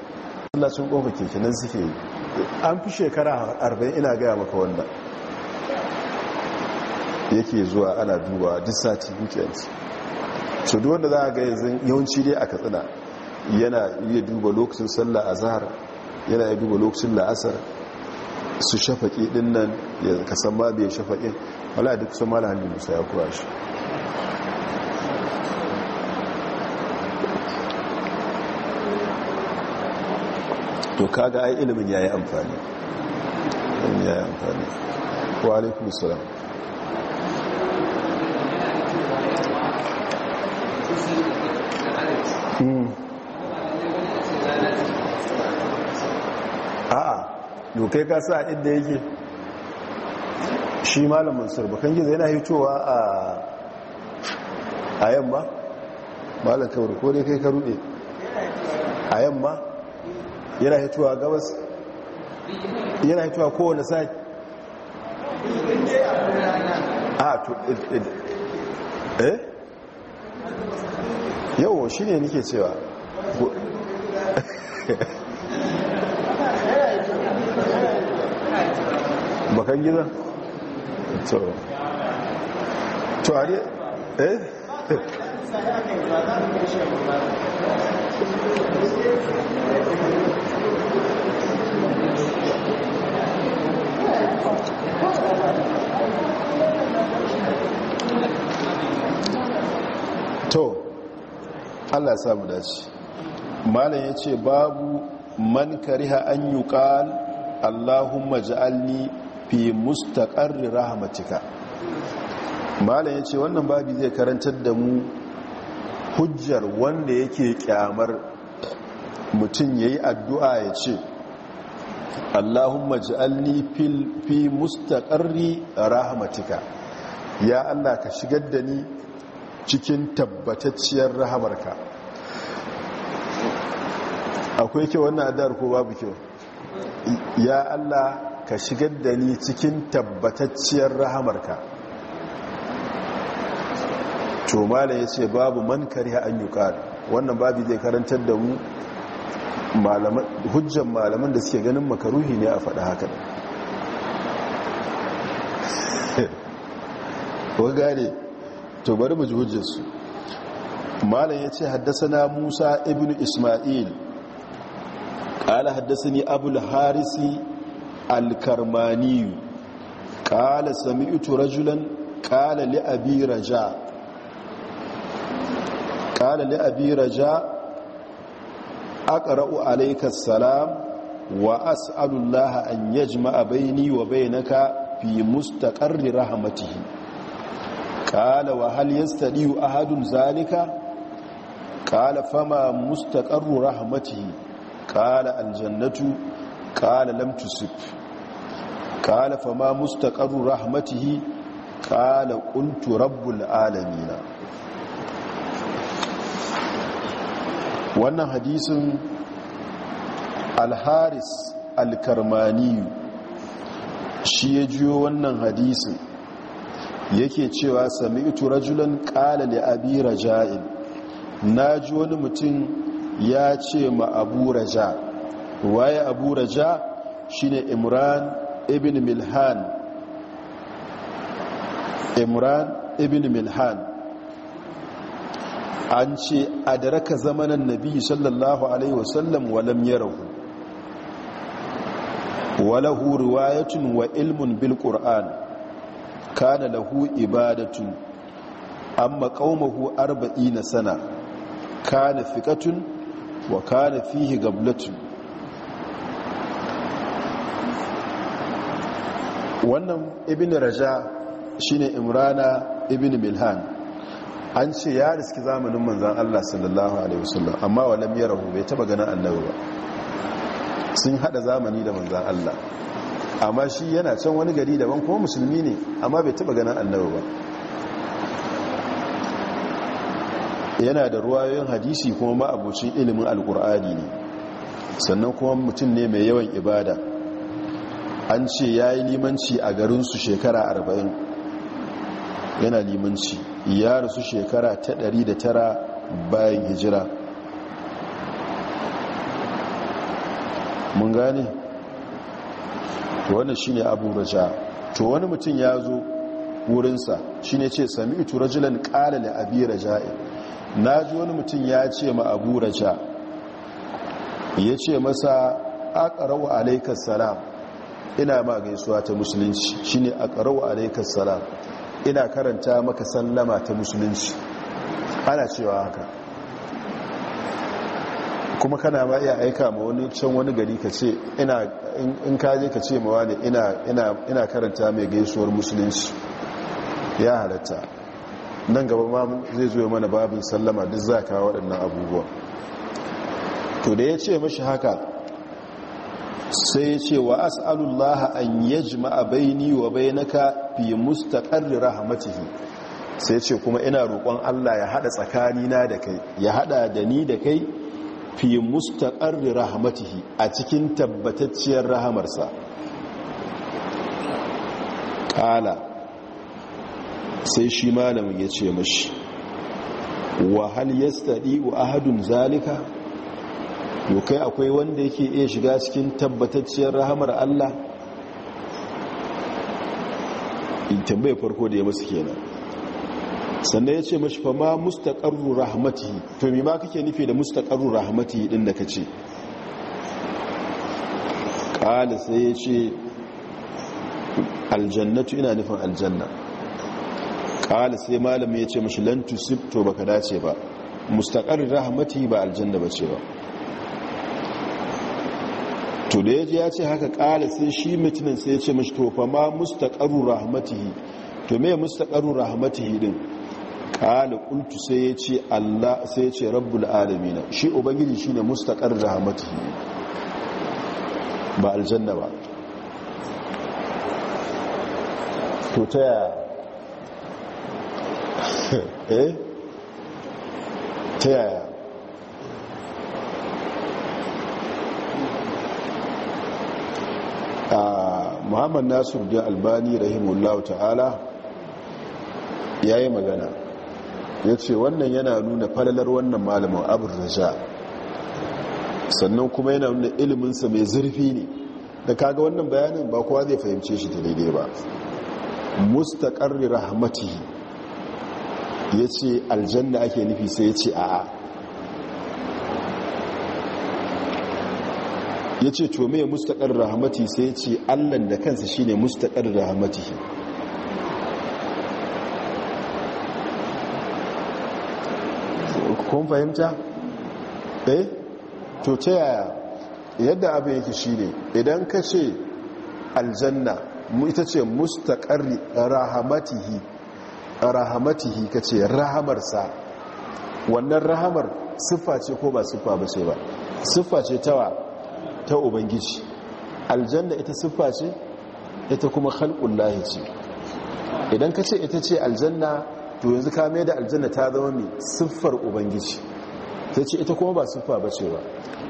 sun kofa keke nan suke yi an fi shekara 40 ina gaya maka wannan yake zuwa ana duba duk sati weekends so duk wanda za a ga yanzu yawanci dai a katsina yana iya duba lokacin sallah a zahar yana iya duba lokacin la'asar su shafaƙi ɗin nan ya kasan ma da shafaƙi, shafaƙin wala duk sun mala hannun musa ya kura shi to kaga ai ilimin ya yi amfani ya yi amfani wa alaikum salam Hmm. a'a dokai ka sa inda yake shi malamin kan gizo yana hitowa a yamma malam kawar ko dai kai ka rude a yamma yana hitowa gabas yana hitowa kowane sa'i a to eh, eh, eh, eh? to shi ne nike cewa bakan gida? to to eh? allah ya samu dace malam ya ce babu man kariha an yi allahumma ja'alni fi mustaƙarri rahamatika malam ya ce wannan babi zai karantar da mu hujjar wanda yake kyamar mutum ya yi addu'a ya ce allahumma ja'alni fi mustaƙarri rahamatika ya allah ka shigar da ni cikin tabbatacciyar rahamarka akwai kyau wannan addu'ar ko babu kyau ya Allah ka shigar da ni cikin tabbatacciyar rahamarka to mala ya ce babu man kari an yi wannan babu zai karantar da mu hujjan malaman da suke ganin makaruhi ne a faɗa haka wa gane to bari mu ji hujjarsu malam ya ce haddasa na musa ibn ismail ƙala haddasani abul harisi alkarmaniyu ƙala sami'utu rajulan ƙala li'abi raja ƙala li'abi raja aqra'u salam wa as'alullaha an yajma'a bayni wa bainaka fi mustaqarri rahmatihi قال وهل يستدي أحد ذلك قال fama mustaƙarru رحمته kala aljannatu ƙala lamtusif ƙala fama mustaqarru rahmatihi kala ƙuntu rabbul alamina wannan hadisin alharis alkarmani shi ya jiyo wannan hadisin yake cewa sami ito rajulan ƙala da abi raja'in na ji wani mutum ya ce ma abu raja waye abu raja shine imran ibn milhan imran ibn milhan an ce a daraka zamanin nabi sallallahu alaihi wasallam walam yarahu walahu riwayatun wa ilmun bil qur'an kana lahu ibadatun amma qaumahu 40 sana kana fiqatun wa kana fihi gablatu wannan ibn raja shine imrana ibn milhan an ce ya riski zamanin manzan Allah sallallahu alaihi wasallam amma walam yarahu bai taba ganin annabi ba sun hada zamani da manzan Allah amma shi yana can wani gari daban kuma musulmi ne amma bai taba ganin annabi ba yana da ruwayoyin hadisi kuma ma'abucin ilimin alkur'ani ne sannan kuma mutum ne mai yawan ibada an ce ya yi limanci a garinsu shekara arba'in yana limanci ya rasu shekara ta ɗari da tara bayan hijira mun gane to wannan shine abu raja to wani mutum ya zo wurinsa shine ce sami ito rajilan qala abi raja'i na ji wani mutum ya ce ma abu raca ya ce masa akarau alaikas salam ina ma gaisuwa ta musulunci shine akarau alaikas salam ina karanta maka sallama ta musulunci ana cewa haka kuma kana ma iya aika ma wani can wani gari ka ce in kaje ka ce ma wani ina karanta mai gaisuwar musulunci ya halatta nan gaba ma zai zo mana babin sallama duk za ka waɗannan abubuwa to da ya ce mashi haka sai ya ce wa as'alullaha an yajma'a baini wa bainaka fi mustaqarri rahmatihi sai ce kuma ina roƙon Allah ya hada tsakanina da kai ya haɗa da ni da kai fi mustaqarri rahmatihi a cikin tabbatacciyar rahamarsa kala sai shi malamin ya ce mashi wahal ya staɗi wa ahadun zalika yau akwai wanda yake iya shiga cikin tabbatacciyar rahamar Allah in tambaye farko da ya masu kenan sannan ya ce mashi fama mustaƙarru rahmatihi to mima kake nufi da mustaƙarru rahmatihi ɗin da ka ce ƙala ya ce aljannatu ina nufin aljanna kala sai malam ya ce mashi lantu sifto baka dace ba mustaƙar rahamati ba aljanna ba ce ba to da ya ji ya ce haka kala sai shi mutumin sai ya ce mashi tofa ma mustaƙaru rahamatihi to me mustaƙaru rahamatihi din kala ƙultu sai ya ce allah sai ya ce rabbul alamina shi ubangiji shi ne mustaƙar rahamatihi ba aljanna ba to ta yaya Eh? ta yaya ah, muhammad nasir da albani rahimullahu ta'ala ya yi magana ya ce wannan yana nuna falalar wannan malamin abin raja sannan kuma yana nuna iliminsa mai zurfi ne da kaga wannan bayanin ba kowa zai fahimce shi ta daidai ba mustaƙarri rahmatihi ya ce aljanna ake nufi sai ya ce a'a ya ce to mai mustaƙar rahamati sai ya ce allan da kansa shine mustaƙar rahamati kun fahimta? eh to ta yaya yadda abin yake ne idan ka ce aljanna ita ce mustaƙar rahamatihi rahamatihi ka ce rahamarsa wannan rahamar siffa ce ko ba siffa ba ce ba siffa ce tawa ta ubangiji aljanna ita siffa ce ita kuma halƙun lahi ce idan ka ce ita ce aljanna to yanzu ka mai da aljanna ta zama mai siffar ubangiji sai ce ita kuma ba siffa ba ce ba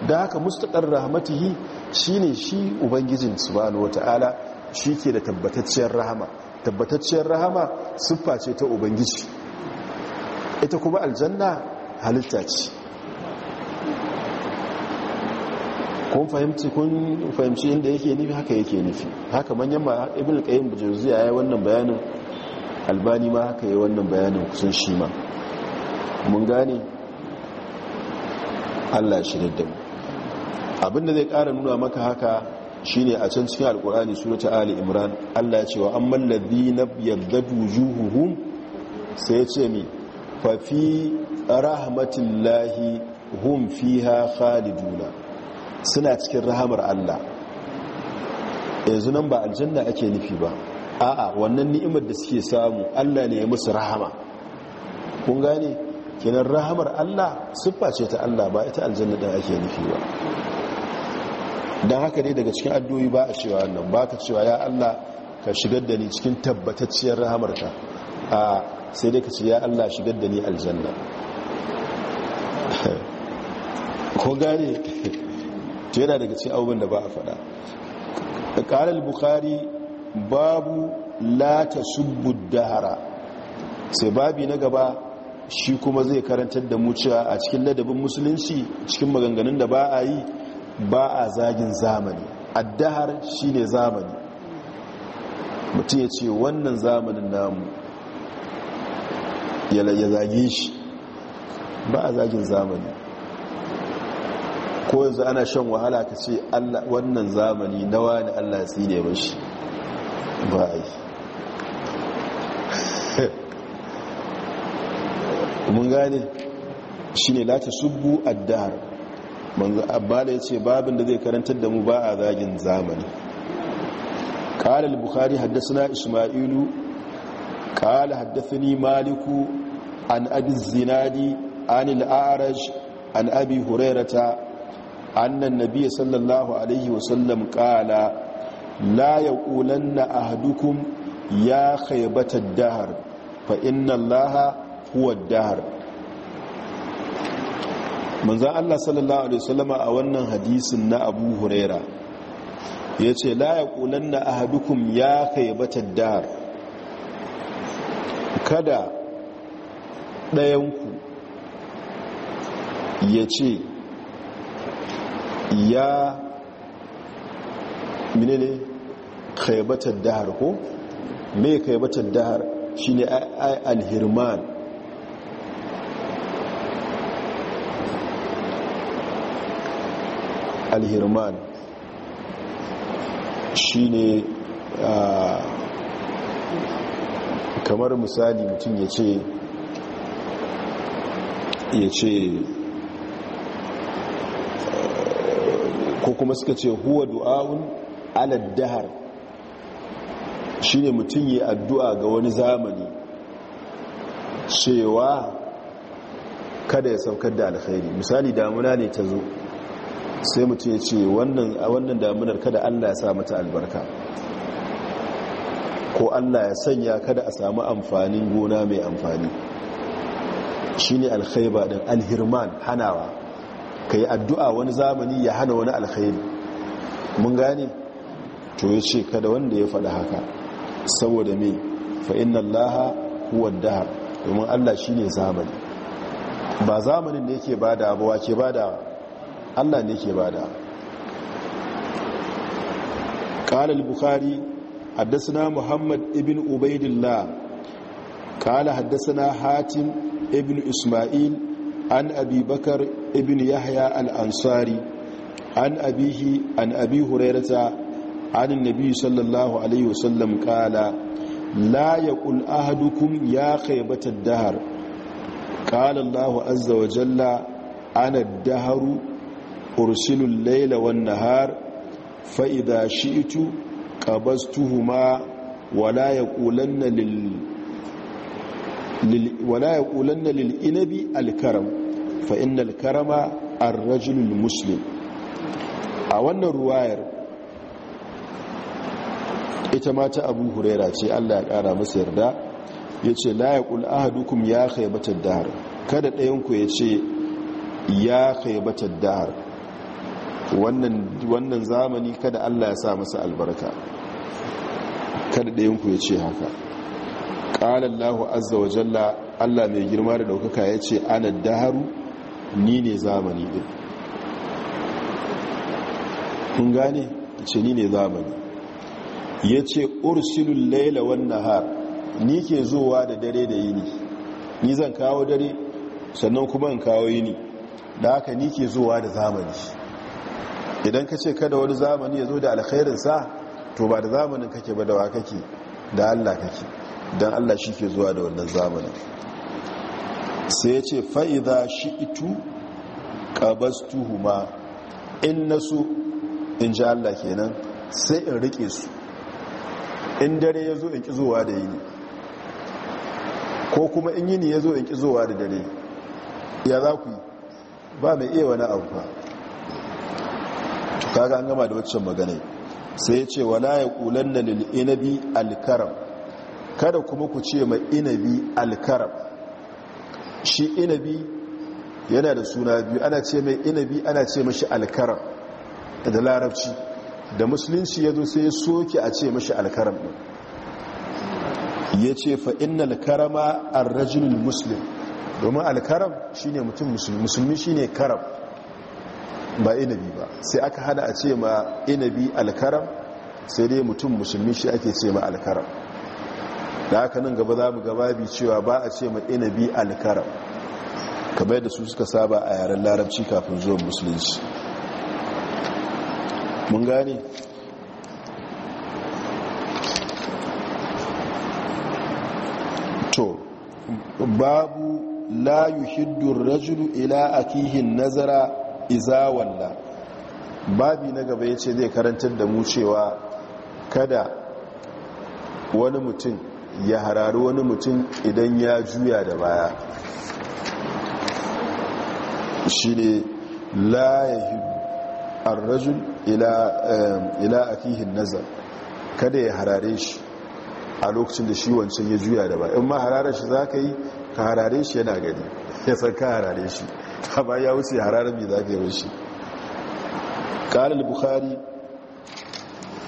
da haka mustaqar rahamatihi shine shi ubangijin subhanahu wata'ala shi ke da tabbatacciyar rahama tabbatacciyar rahama siffa ce ta ubangiji ita kuma aljanna halitta ce kun fahimci kun fahimci inda yake nufi haka yake nufi haka manyan ma ibn al-qayyim bujawziya yayi wannan bayanin albani ma haka yayi wannan bayanin kusan shi ma mun gane Allah shi da mu abinda zai ƙara nuna maka haka shine a can cikin alkur'ani surata ali imran Allah ya ce wa na ladina yabdadu wujuhuhum sai ya ce mi fa fi hun fiha khaliduna suna cikin rahamar Allah yanzu nan ba aljanna ake nufi ba a'a wannan ni'imar da suke samu Allah ne ya musu rahama kun gane kenan rahamar Allah siffa ce ta Allah ba ita aljanna da ake nufi ba don haka ne daga cikin addu'o'i ba a cewa wannan ba ka cewa ya Allah ka shigar da ni cikin tabbatacciyar rahamarka a sai dai ka ce ya Allah shigar da ni aljanna ko gane ta yana daga cikin abubuwan da ba a Da ƙarar bukari babu lata subbud dahara sai babi na gaba shi kuma zai karantar da mu cewa a cikin ladabin musulunci cikin maganganun da ba a yi ba a zagin zamani addahar shine zamani mutum ya ce wannan zamanin namu ya zage shi ba a zagin zamani ko yanzu ana shan wahala ka ce wannan zamani na wani allah ne mashi ba a yi mun gane shi ne lati subu addahar manzo abbala ya ce babin da zai karantar da mu ba a zagin zamani ƙalar bukhari haddasa ismailu ƙala haddasa ni maliku an abi zinadi an al'araj an abi hurairata annan nabiya sallallahu alaihi wasallam ƙala la ya ƙulanna a hadukun ya khaibatar dahar fa inna allaha huwa dahar manzan allah sallallahu alaihi wasallama a wannan hadisin na abu huraira ya ce la ya na a ya kai batar kada ɗayanku ya ce ya minene kai batar ko mai kai batar dahar shi ne alhirman alhirman shi ne kamar misali mutum ya ce ya ce ko kuma suka ce huwa du'a'un aladdahar shi ne mutum ya addu'a ga wani zamani cewa kada ya saukar da alkhairi misali damuna ne ta zo sai mutum ya ce wannan damunar kada allah ya sa mata albarka ko allah ya sanya kada a samu amfanin gona mai amfani shi ne alkhaiba ɗin alhirman hanawa ka yi addu'a wani zamani ya hana wani alkhaibi mun gane to ya ce kada wanda ya faɗa haka saboda mai fa'in allaha huwa dahar domin allah shi ne zamani ba zamanin da yake bada abuwa ke ba da allah ne ke bada قال البخاري حدثنا محمد ابن عبيد الله قال حدثنا حاتم ابن إسماعيل عن أبي بكر ابن يحيى الأنصاري عن أبيه عن أبي هريرة عن النبي صلى الله عليه وسلم قال لا يقول أهدكم يا خيبة الدهر قال الله عز وجل أنا الدهر ursilul laila wan nahar fa idha shi'tu qabastuhuma wala yaqulanna lil wala yaqulanna lil inabi al karam fa innal karama ar rajulul muslim a wannan ruwayar ita ma ta abu huraira ce allah ya kara masa yarda ya ce layakul ahadukum ya khaibatar dahar kada ɗayanku ya ce ya khaibatar dahar wannan zamani kada allah ya sa masa albarka kada ɗayanku ya ce haka lahu azza wa jalla allah mai girma da ɗaukaka ya ce ana daharu ni ne zamani ɗin kun gane ce ni ne zamani ya ce ursilun laila wannan har ni ke zowa da dare da yini ni zan kawo dare sannan kuma in kawo yini da haka ni ke zowa da zamani idan ka ce kada wani zamani ya zo da alkhairinsa to ba da zamanin kake ba da wa kake da allah kake don allah shi ke zuwa da wannan zamanin sai ya ce fa'iza shi itu huma in nasu in ji allah kenan sai in riƙe su in dare ya zo in ƙi zuwa da yini ko kuma in yini ya zo in ƙi zuwa da dare ya za ku ba mai iya wani abu ba kaga an gama da waccan magana sai ya ce wala ya kulanna lil inabi alkaram kada kuma ku ce mai inabi alkaram shi inabi yana da suna biyu ana ce mai inabi ana ce mashi alkaram da larabci da musulunci ya zo sai ya soke a ce mashi alkaram ya ce fa'in alkarama a rajinin musulun domin alkaram shine mutum musulmi shi ne karam ba inabi ba sai aka hana a ce ma inabi alkaram sai dai mutum musulmi shi ake ce ma alkaram da haka nan gaba za mu gababi cewa ba a ce ma inabi alkaram kamar yadda su suka saba a yaren larabci kafin zuwan musulunci mun gane to babu la yuhiddu rajulu ila akihin nazara izawalla babi na gaba ya ce zai karantar da mu cewa kada wani mutum ya harari wani mutum idan ya juya da baya shi ne la ya ila eh, a fihin nazar kada ya harare shi a lokacin da shi wancan ya juya da baya in ma harare shi za ka yi ka harare shi yana gani ya san ka harare shi ba ya wuce hararar mai zafi ya wuce ƙarar buhari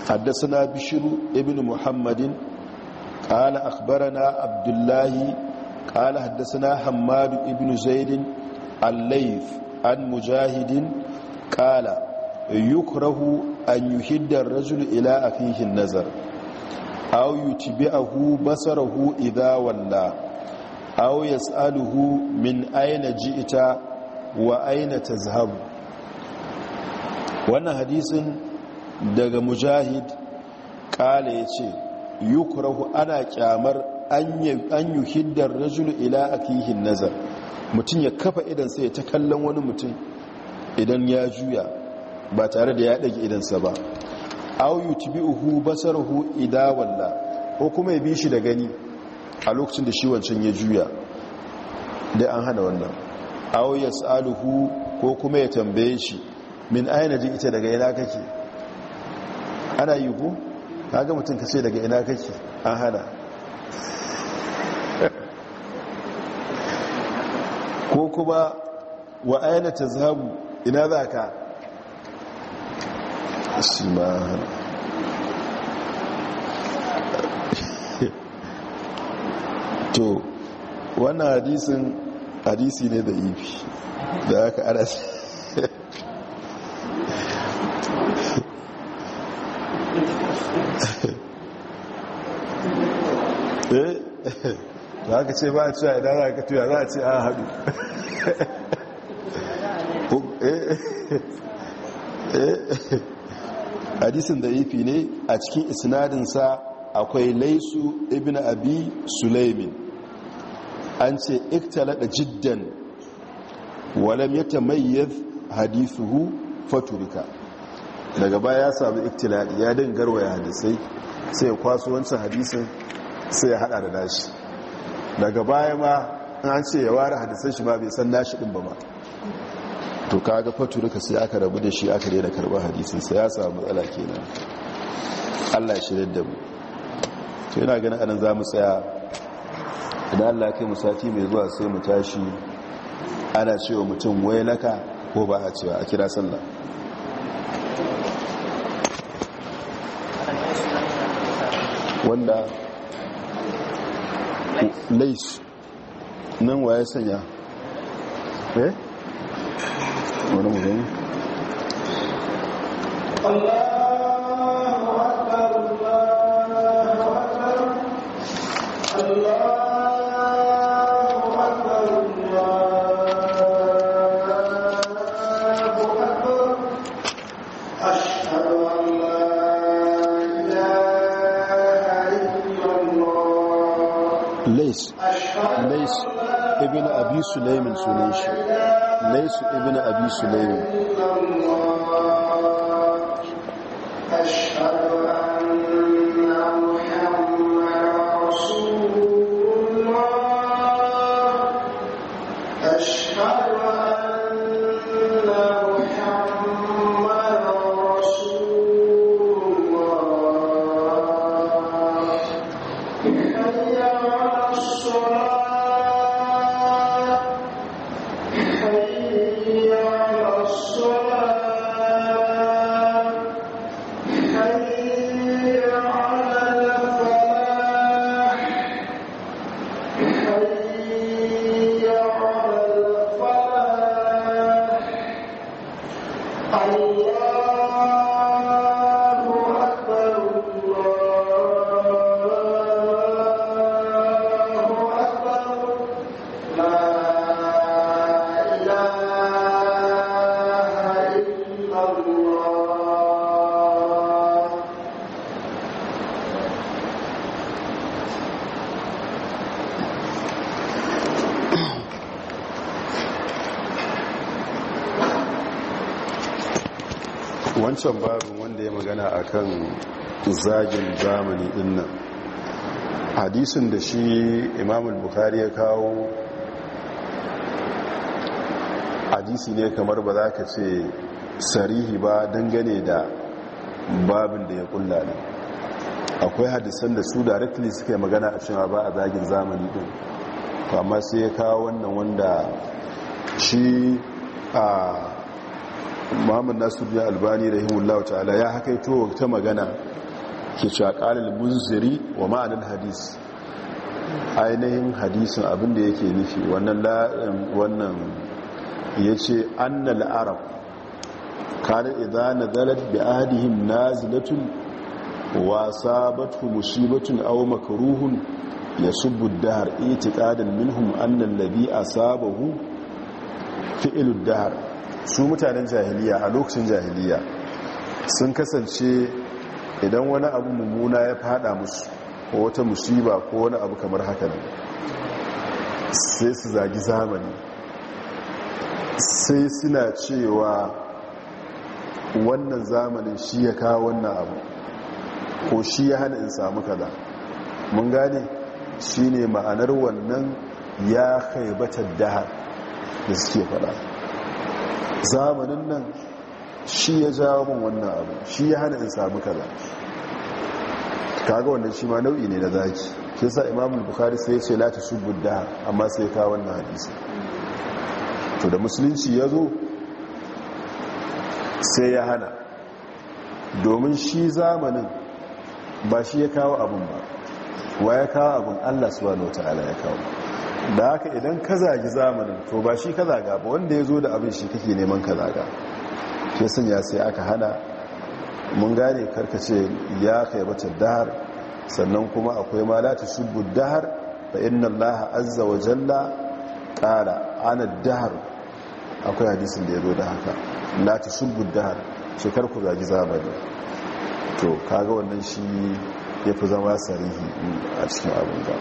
Haddasana bishiru ibn muhammadin ƙala akbarana abdullahi ƙala haddasa hamadu ibn zaidin allaif an mujahidin ƙala yukrahu an yi hiddar rajul ila a fihin nazar aw yutbi'ahu basarahu idha walla aw yas'aluhu min ji ita. wa aina tazhabu wannan hadisin daga mujahid kala ya ce yukrahu ana kyamar an yi hiddar rajulu ila a kihin nazar mutum ya kafa idansa ya ta kallon wani mutum idan ya juya ba tare da ya ɗage idansa ba auyu basar hu idawalla ko kuma ya bi shi da gani a lokacin da shi wancan ya juya da an hana wannan ya tsaluhu ko kuma ya tambaye shi min aina ji ita daga ina kake ana yi ku kaga mutum kace daga ina kake an hana ko kuma wa aina zahabu ina za ka shi ma to wannan hadisin hadisi ne da ifi da aka aras eh, da aka ce ba a cewa idan za ka tuya za a ce a haɗu eh, eh, hadisin da ifi ne a cikin isnadinsa akwai laisu ibn abi sulaimin an ce iktalada jiddan walam ya tamayyaz hadisuhu faturika daga baya ya samu iktiladi ya dangarwa ya hadisai sai ya kwaso wancan sai ya hada da nashi daga baya ma an ce ya ware hadisan shi ma bai san nashi din ba ma to kaga faturika sai aka rabu da shi aka daina karba hadisun sai ya samu matsala kenan Allah ya shirye da mu to yana ganin anan za mu tsaya idan allah kai sati mai zuwa sai mu tashi ana cewa mutum waye laka ko ba a cewa a kira sallah wanda lais nan waye sanya eh wani mu ne Allah ibn abi sulaimin sunan shi laysu ibn abi sulaimin wancan babin wanda ya magana a kan zagin zamani dinnan hadisin da shi imamul bukari ya kawo hadisi ne kamar ba za ka ce sarihi ba dangane da babin da ya kulla ne akwai hadisan da su directly suka magana a cewa ba a zagin zamani din amma sai ya kawo wannan wanda shi a ah, muhammad nasiru ya albani rahimullahu ta'ala ya hakaito ta magana ke cewa munziri wa ma'anar hadis ainihin hadisin abinda yake nufi wannan wannan yace annal arab kana idza nazalat bi na nazilatun wa sabathu musibatun au makruhun yasubbu ad-dahr itiqadan minhum a sabahu asabahu fi'lu ad su mutanen jahiliya a lokacin jahiliya sun kasance idan wani abu mummuna ya fada musu ko wata musiba ko wani abu kamar haka ne sai su zagi zamani sai suna cewa wannan zamanin shi ya kawo wannan abu ko shi ya hana in samu kaza mun gane shi ne ma'anar wannan ya haibatar da da suke fada zamanin nan shi ya jawo min wannan abu shi ya hana in samu kaza kaga wannan shi ma nau'i ne na zaki shi sa imam bukhari sai ya ce la ta subbu da amma sai ka wannan hadisi to da musulunci ya zo sai ya hana domin shi zamanin ba shi ya kawo abun ba wa ya kawo abun Allah nauta ala ya kawo da haka idan ka zagi zamanin to ba shi ka zaga ba wanda ya zo da abin shi kake neman ka zaga ke sanya sai aka hana mun gane karkace ya kai bata dahar sannan kuma akwai ma lati shubbu dahar fa inna allaha azza wa jalla qala ana dahar akwai hadisin da ya zo da haka lati shubbu dahar ce kar ku zagi zamanin, to kaga wannan shi ya fi zama sarihi a cikin abin da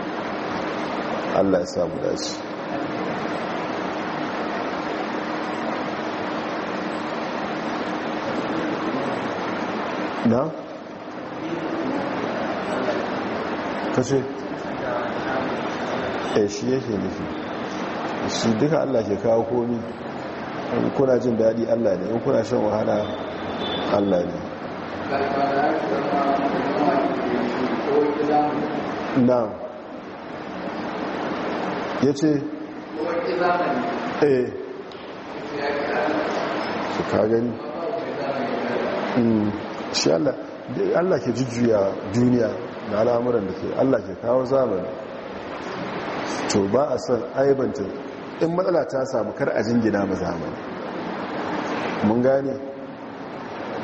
allah ya samu dace na? kashe? ya eh, shi yake nufi shi duka allah ke kawo komi in kuna jin daɗi allah ne in kuna shan wahala allah ne na ya ce eh su ka gani mm. shi allah ke jujjuya duniya da al'amuran da ke allah ke kawo zamani to ba a son aibanta in matsala ta samu kar a jingina ma zamani mun gane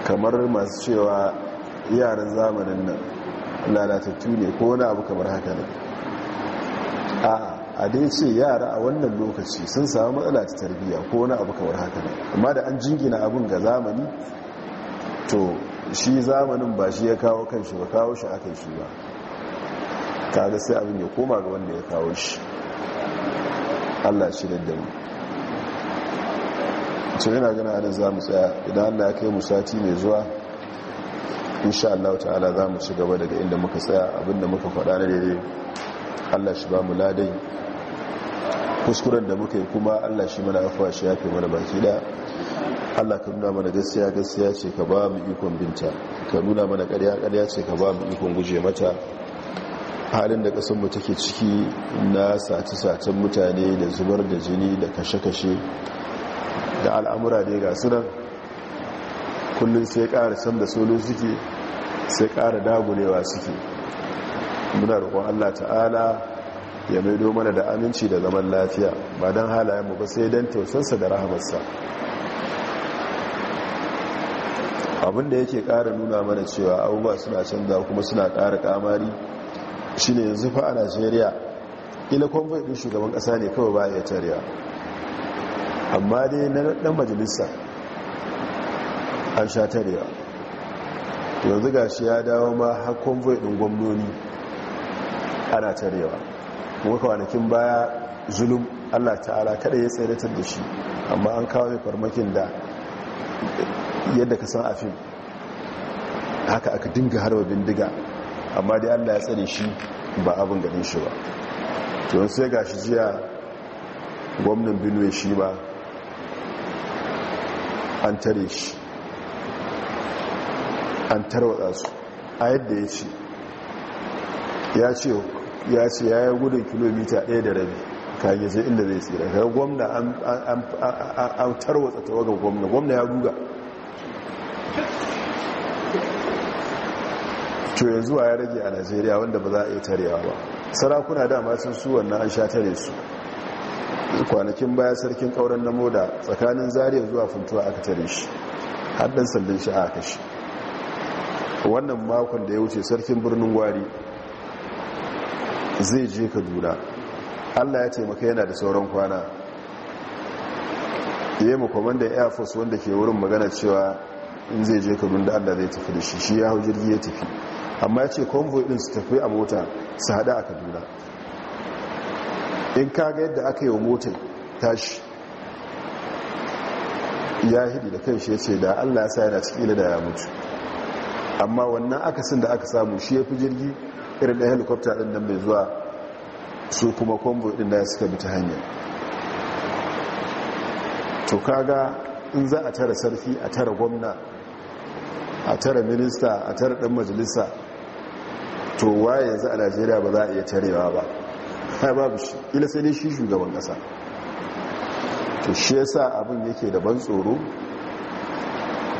kamar masu cewa yaran zamanin nan lalatattu ne ko wani abu kamar haka ne a a dai ce yara a wannan lokaci sun samu matsala ta tarbiyya ko wani abu kamar haka ne amma da an jingina abin ga zamani to shi zamanin ba shi ya kawo kan shi ba kawo shi aka shi ba kaga sai abin ya koma ga wanda ya kawo shi allah shi da mu ce yana gana za mu tsaya idan allah ya kai mu sati mai zuwa insha allah ta'ala za mu ci gaba daga inda muka tsaya abinda muka faɗa na daidai allah shi ba mu ladai kuskuren da muka yi kuma allah shi mana afuwa shi ya fi mana baki da allah ka nuna mana gaskiya gaskiya ce ka ba mu ikon binta ka nuna mana karya karya ce ka ba mu ikon guje mata halin da mu take ciki na sati satan mutane da zubar da jini da kashe-kashe da al'amura da ga sunan kullum sai kara san da solo suke sai ƙara dagulewa suke muna roƙon Allah ta'ala ya maido mana da aminci da zaman lafiya ba don halayenmu ba sai don tausansa da rahamarsa abinda yake ƙara nuna mana cewa abubuwa suna canza kuma suna ƙara ƙamari ne yanzu fa a najeriya ila kwamfai ɗin shugaban ƙasa ne kawai ba ya tariya amma dai na ɗan majalisa an sha tariya yanzu ga shi ya dawo ma har kwamfai ɗin gwamnoni ana tarewa kuma kwanakin baya zulum allah ta'ala kada ya tseratar da shi amma an kawo mai farmakin da yadda ka san afin haka aka dinga harba bindiga amma dai allah ya tsare shi ba abin ganin shi ba tun sai ga shi jiya gwamnan binuwe shi ba an tare shi an tarwatsa su a yadda ya ce ya ce ya ce ya yi gudun kilomita ɗaya da rabi kayan sai inda zai tsira ga gwamna an tarwatsa tawagar gwamna gwamna ya ruga to yanzu zuwa ya rage a najeriya wanda ba za a iya tarewa ba sarakuna dama sun su wannan an sha tare su kwanakin baya sarkin kauran na moda tsakanin zariya zuwa funtuwa aka tare shi haddan sallin shi aka shi wannan makon da ya wuce sarkin birnin gwari zai je kaduna allah ya ce yana da sauran kwana ya yi makwamandan air force wanda ke wurin magana cewa in zai je kaduna allah zai tafi da shi shi ya hau jirgi ya tafi amma ya ce convoy din su tafi a mota su hada a kaduna in kaga yadda aka yi wa motar tashi ya hidi da kan shi ya ce da allah ya sa yana cikin da ya mutu amma wannan akasin da aka samu shi ya fi jirgi irin da helikopta din nan mai zuwa su kuma convoy din da suka bi ta hanyar to kaga in za a tara sarki a tara gwamna a tara minista a tara dan majalisa to waye yanzu a najeriya ba za a iya tarewa ba hai babu shi ila sai dai shi shugaban ƙasa. to shi yasa abin yake da ban tsoro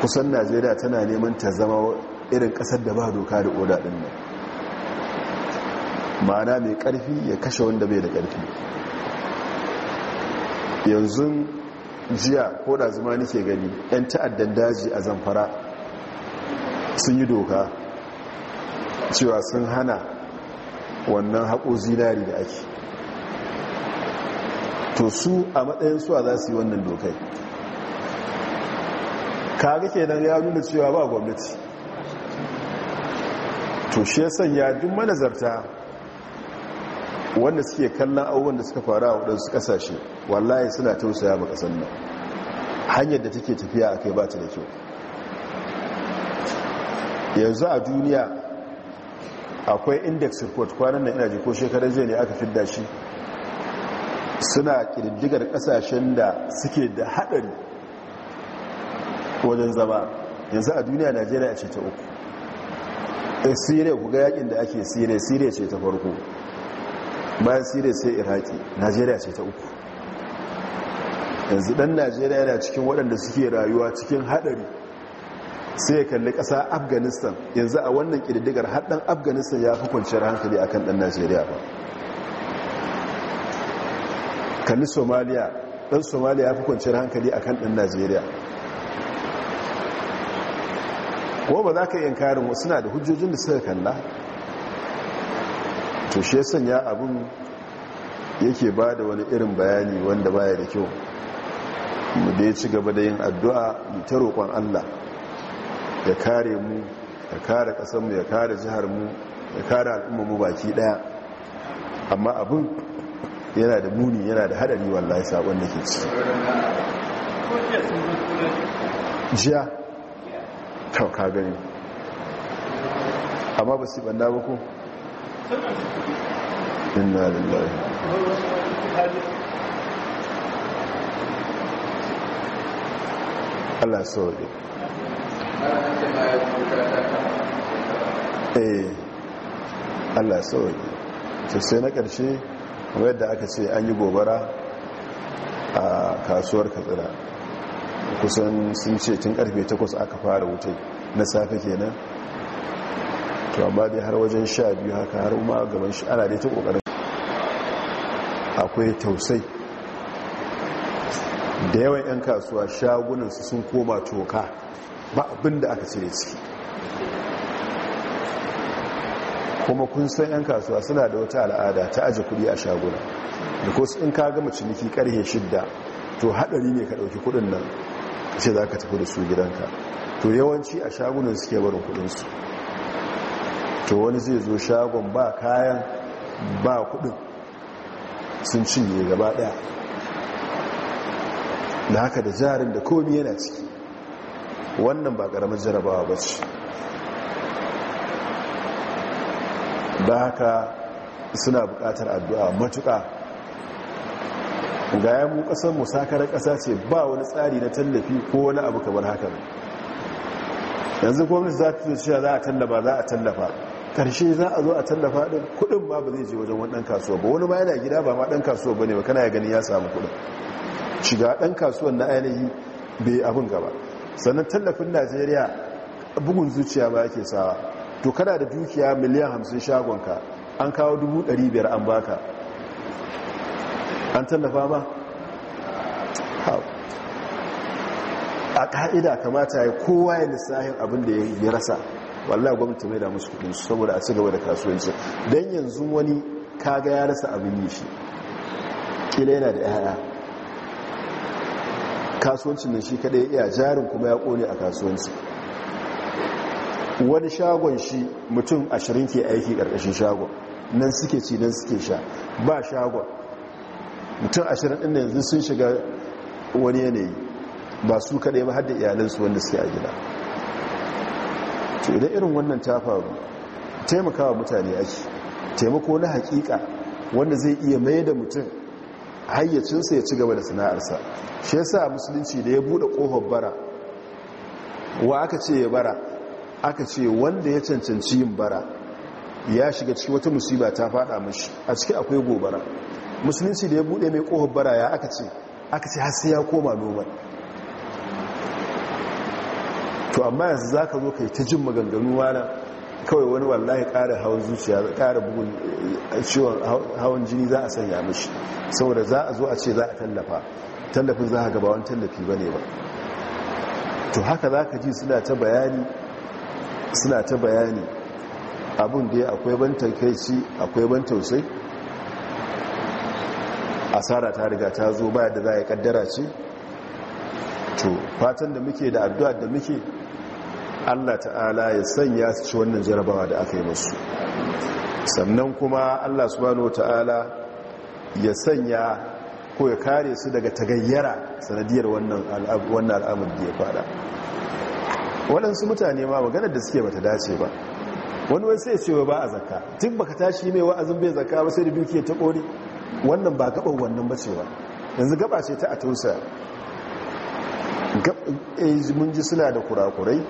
kusan najeriya tana neman ta zama irin ƙasar da ba doka da oda din nan ma'ana mai karfi ya kashe wanda bai da karfi yanzu jiya ko da zama nike gani 'yan ta'addan daji a zamfara sun yi doka cewa sun hana wannan haƙo zinari da ake to su a matsayin suwa za su yi wannan dokai kaga kenan ya nuna cewa ba gwamnati to shi ya sanya duk manazarta wanda suke kallon abubuwan da suka faru a wadansu kasashe, wallahi suna tausaya ba ƙasar nan hanyar da take tafiya a kai ba ta da kyau yanzu a duniya akwai index report kwanan nan ina ji ko shekarar jiya ne aka fidda shi suna ƙididdigar kasashen da suke da haɗari wajen zama yanzu a duniya najeriya ce ta uku eh, siriya ku ga yakin da ake siriya siriya ce ta farko bayan siriya sai iraki najeriya ce ta uku yanzu dan najeriya yana cikin waɗanda suke rayuwa cikin haɗari sai ya kalli ƙasa afghanistan yanzu a wannan ƙididdigar haɗin afghanistan ya fi kwanciyar hankali akan ɗan najeriya ba kalli somaliya ɗan somaliya ya fi kwanciyar hankali akan ɗan najeriya ko ba za ka yi yankarin wasu na da hujjojin da suka kalla to shi sanya abin yake ba da wani irin bayani wanda baya da kyau mu dai ci gaba da yin addu'a mu ta roƙon allah ya kare mu ya kare ƙasanmu ya kare jiharmu ya kare mu baki ɗaya amma abin yana da muni yana da haɗari wallahi saƙon da ke ci. jiya tauka gani amma ba su ba ko inna lillahi Allah sauke eh Allah sauke to sai na ƙarshe kuma yadda aka ce an yi gobara a kasuwar katsina kusan sun ce tun karfe 8 aka fara wutai na safe kenan to amma dai har wajen sha biyu haka har ma gaban shi ana dai ta kokarin akwai tausai da yawan 'yan kasuwa shagunansu sun koma toka ba abin da aka cire ciki kuma kun san 'yan kasuwa suna da wata al'ada ta aji kudi a shaguna da kusa in ka gama ciniki karhe shidda to hadari ne ka dauki kudin nan ce za ka tafi da su gidanka to yawanci a shagunan suke barin kudinsu to wani zai zo shagon ba kayan ba kudin sun cinye gaba daya da haka da jarin da komi yana ciki wannan ba karamar jarabawa ba ce da haka suna bukatar addu'a matuka ga mu kasar musakarar kasa ce ba wani tsari na tallafi ko wani abu kamar haka yanzu gwamnati za ta cewa za a tallafa za a tallafa karshe za a zo a tallafa din kudin ma ba zai je wajen wani kasuwa ba wani ma yana gida ba ma dan kasuwa bane ba kana ya gani ya samu kudin shiga dan kasuwan na ainihi bai abin gaba sannan tallafin Najeriya bugun zuciya ba yake sawa to kana da dukiya miliyan 50 shagonka an kawo biyar an baka an tallafa ma a ka'ida kamata ya kowa ya lissahin abin da ya rasa wallahi gwamnati mai da musu kudin su saboda a cigaba da kasuwanci dan yanzu wani kaga ya rasa abin yi shi kila yana da yaya kasuwancin nan shi kada ya iya jarin kuma ya kone a kasuwanci wani shagon shi mutum ashirin ke aiki karkashin shagon nan suke ci nan suke sha ba shagon mutum ashirin ɗin yanzu sun shiga wani yanayi ba su kaɗai ba har da iyalinsu wanda suke a gida to idan irin wannan ta faru taimakawa mutane ake taimako na hakika wanda zai iya mai da mutum hayyacinsa ya ci gaba da sana'arsa shi yasa musulunci da ya bude kofar bara wa aka ce ya bara aka ce wanda ya cancanci yin bara ya shiga ciki wata musiba ta fada mashi a ciki akwai gobara musulunci da ya bude mai kofar bara ya aka ce aka ce har sai ya koma noman to amma yanzu za ka zo ka yi ta jin maganganu wana kawai wani wallahi ƙara hawan zuciya ƙara bugun eh, ciwon hawan jini za a sanya mashi saboda za a zo a ce za a tallafa tallafin za a gaba wani tallafi ba ne ba to haka za ka ji suna ta bayani suna abin da ya akwai ban takaici akwai ban tausai asara ta riga ta zo baya da za a yi kaddara ce to fatan da muke da addu'ar da muke allah ta'ala ya sanya su ci wannan jarabawa da aka yi musu sannan kuma allah subhanahu ta'ala ya sanya ko ya kare su daga tagayyara sanadiyar wannan al'amur da ya fada waɗansu mutane ma maganar da suke bata dace ba wani wai sai cewa ba a zaka tun baka tashi mai wa'azin bai zaka ba sai da dukiya ta kore wannan ba gaban wannan ba cewa yanzu gaba ce ta a tausa eh, mun ji suna da kurakurai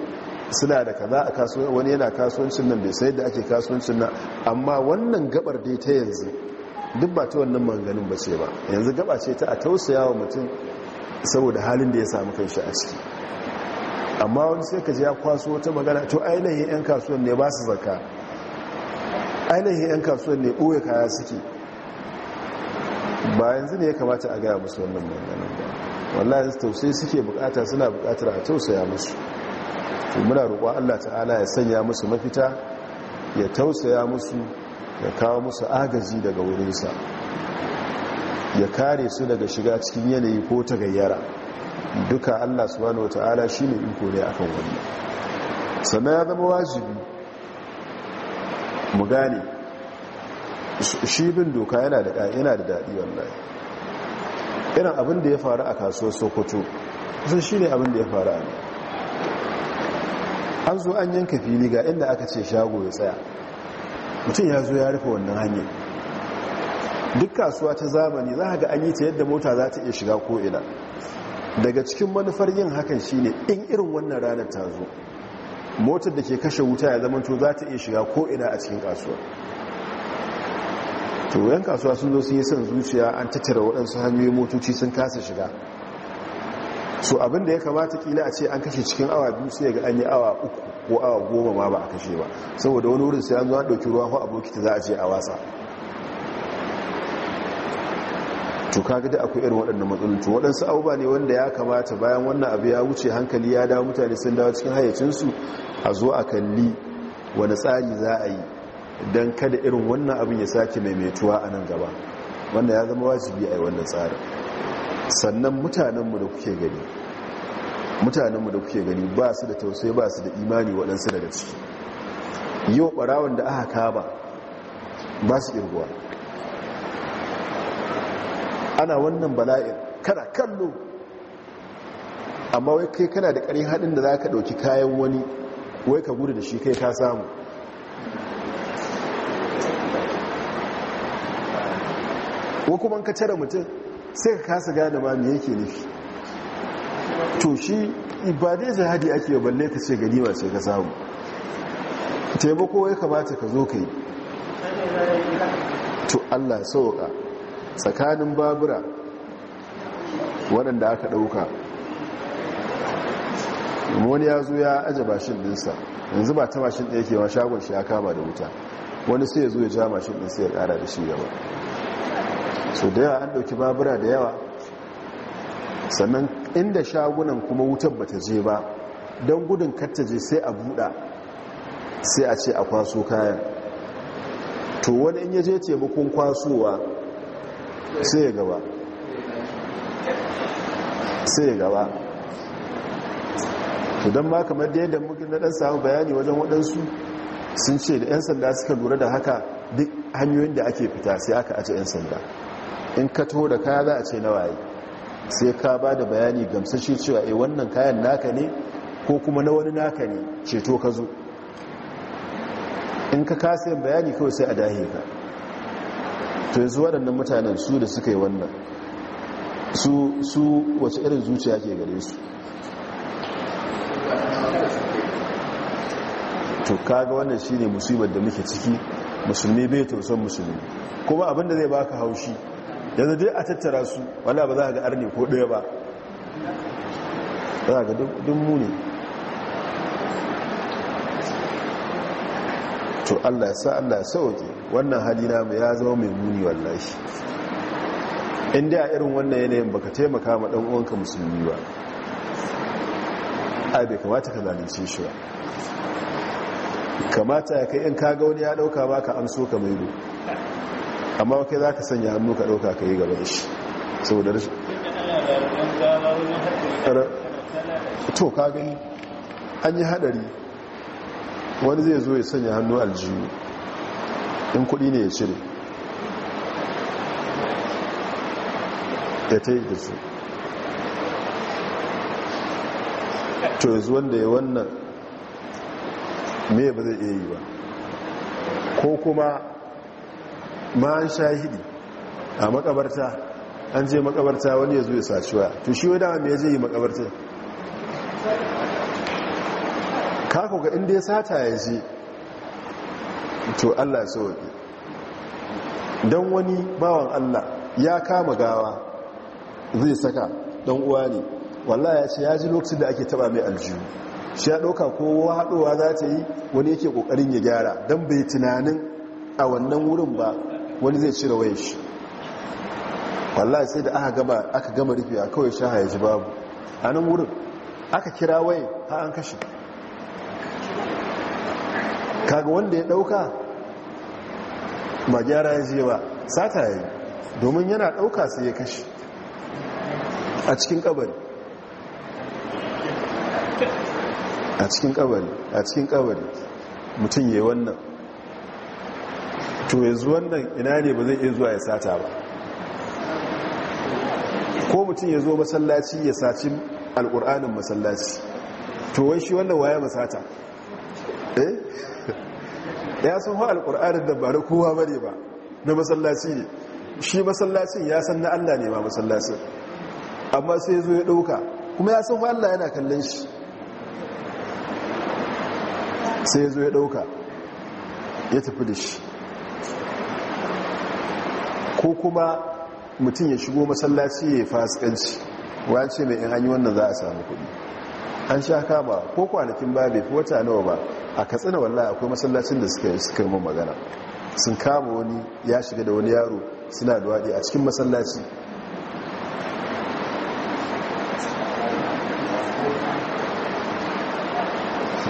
suna da kaza a kasuwan wani yana kasuwancin nan bai sai da ake kasuwancin nan amma wannan gabar dai ta yanzu duk ba ta wannan manganin ba ce ba yanzu gaba ce ta a tausaya wa mutum saboda halin da ya samu kanshi a ciki amma wani sai ka ji ya kwaso wata magana to ainihin 'yan kasuwan ne ba su zaka ainihin 'yan kasuwan ne ɓoye kaya suke ba yanzu ne ya kamata a gaya musu wannan manganin ba wallahi tausayi suke bukata suna bukatar a tausaya musu to muna roƙon Allah ta'ala ya sanya musu mafita ya tausaya musu ya kawo musu agaji daga wurinsa ya kare su daga shiga cikin yanayi ko ta gayyara duka Allah subhanahu wata'ala shi ne iko ne akan wannan sannan ya zama wajibi mu gane shi bin doka yana da yana da daɗi wallahi irin abin da ya faru a kasuwar sokoto sun shi ne abin da ya faru a nan an zo an yanka fili ga inda aka ce shago ya tsaya mutum ya zo ya rufe wannan hanyar duk kasuwa ta zamani za ga an yi ta yadda mota za ta iya shiga ko'ina daga cikin manufar yin hakan shine in irin wannan ranar ta zo motar da ke kashe wuta ya zamanto za ta iya shiga ko'ina a cikin kasuwa to yan kasuwa sun zo sun yi son zuciya an tattara waɗansu hanyoyin motoci sun kasa shiga so abinda ya kamata kila a ce an kashe cikin awa biyu sai ga an yi awa uku ko awa goma ma ba a kashe ba saboda wani wurin sai an zuwa ɗauki ruwa ko aboki ta za a ce a wasa to ka gada akwai irin waɗannan matsalolin to waɗansu abubuwa ne wanda ya kamata bayan wannan abu ya wuce hankali ya dawo mutane sun dawo cikin hayyacinsu a zo a kalli wani tsari za a yi don kada irin wannan abin ya sake maimaituwa a nan gaba wanda ya zama wajibi a yi wannan tsarin sannan mutanenmu da kuke gani mutanenmu da kuke gani ba su da tausayi ba su da imani waɗansu daga ciki yau barawon da aka kaba ba su irguwa ana wannan bala'in kana kallo amma wai kai kana da ƙarin haɗin da za ka ɗauki kayan wani wai ka gudu da shi kai ka samu Ko kuma ka cire mutum sai ka kasa gane ma me yake nufi to shi ba jihadi ake yi balle ka ce gani ba ce ka samu taimako ya kamata ka zo ka yi to allah sauka tsakanin babura waɗanda aka ɗauka wani ya zo ya aje mashin ɗinsa yanzu ba ta mashin ɗaya ke ma shagon shi ya kama da wuta wani sai ya zo ya ja mashin ɗinsa ya ƙara da shi gaba so da yawa an dauki babura da yawa sannan inda shagunan kuma wutar bata je ba don gudun je sai a buɗa sai a ce a kwaso kayan to wani in yaje bukun kwasowa sai ya gaba sai ya gaba to don ma kamar da yadda mugin na ɗan samu bayani wajen waɗansu sun ce da 'yan sanda suka lura da haka duk hanyoyin da ake fita sai aka ace 'yan sanda in ka taho da kaya za a ce na waye sai ka ba da bayani gamsashi cewa e wannan kayan naka ne ko kuma na wani naka ne ceto ka zo in ka kasa yin bayani kawai sai a dahe ka to yanzu waɗannan mutanen su da suka yi wannan su wace irin zuciya ke gare su to kaga wannan shine musibar da muke ciki musulmi bai tausan musulmi kuma abinda zai baka haushi yanzu dai a tattara su wala ba za a ga arni ko ɗaya ba za a duk mu ne to allah ya sa allah sauke wannan halina mai ya zama mai muni wallahi inda a irin wannan yanayin baka taimaka ma ɗan uwanka musulmi ba a bai kamata ka zalince shi ba kamata ya kai in kaga wani ya ɗauka ba ka amso ka maido amma kai za ka sanya hannu ka ɗauka ka yi da shi saboda rashi to ka gani an yi hadari wani zai zo ya sanya hannu aljihu in kudi ne ya cire ya ta yi da su to yanzu wanda ya wannan me ba zai iya yi ba ko kuma Ma sha shahidi a makabarta an je makabarta wani ya zuwa to shi wadda mai je yi makabarta kako ga inda ya sata ya ji to allah ya sauwaƙi don wani bawan allah ya kama gawa zai saka don uwa ne wallah ya ce ya ji lokacin da ake taba mai aljihu shi ya ɗauka kowa haɗowa za ta yi wani yake ƙoƙarin ya gyara don bai tunanin a wannan wurin ba wani zai cire wayan shi wallahi sai da aka gama rufe a kawai sha hayaji babu a nan wurin aka kira wayan ha an kashe kaga wanda ya dauka ma gyara ya je ba sata ya yi domin yana dauka sai ya kashe a cikin kabari a cikin kabari a cikin kabari mutum ya yi wannan to yanzu wannan ina ne ba zai iya zuwa ya sata ba ko mutum ya zo masallaci ya saci alƙur'anin masallaci to wai shi wannan waya masata eh ya san hau al'ur'anin da ba kowa ba ne ba na masallaci ne shi masallacin ya san na allah ne ba masallacin amma sai zo ya ɗauka kuma ya san allah yana kallon shi sai zo ya ɗauka ya tafi da shi ko kuma mutum ya shigo masallaci ya yi fasikanci wace mai in yi wannan za a samu kudi an sha kama ko kwanakin ba bai fi wata nawa ba a katsina walla akwai masallacin da suka yi magana sun kama wani ya shiga da wani yaro suna duwaɗe a cikin masallaci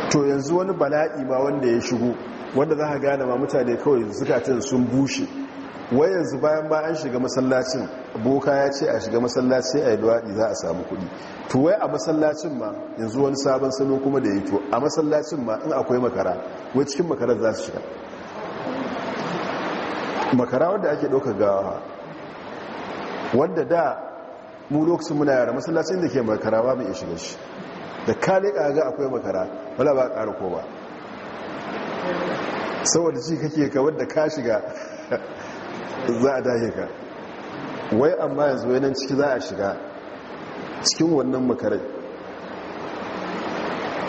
to yanzu wani bala'i ma wanda ya shigo wanda za a gane ma mutane kawai zukatan sun bushe wai yanzu bayan ba an shiga masallacin boka ya ce a shiga masallaci a yi za a samu kuɗi to wai a masallacin ma yanzu wani sabon sanu kuma da ya to a masallacin ma in akwai makara wai cikin makarar za su shiga makara wadda ake ɗaukar gawa wadda da mu lokacin muna yara masallacin da ke makara ba mai shiga shi da kale ga akwai makara wala ba ƙara ko ba saboda ci kake ka wadda ka shiga za a dahe ka wai amma yanzu wainan ciki za a shiga cikin wannan makarai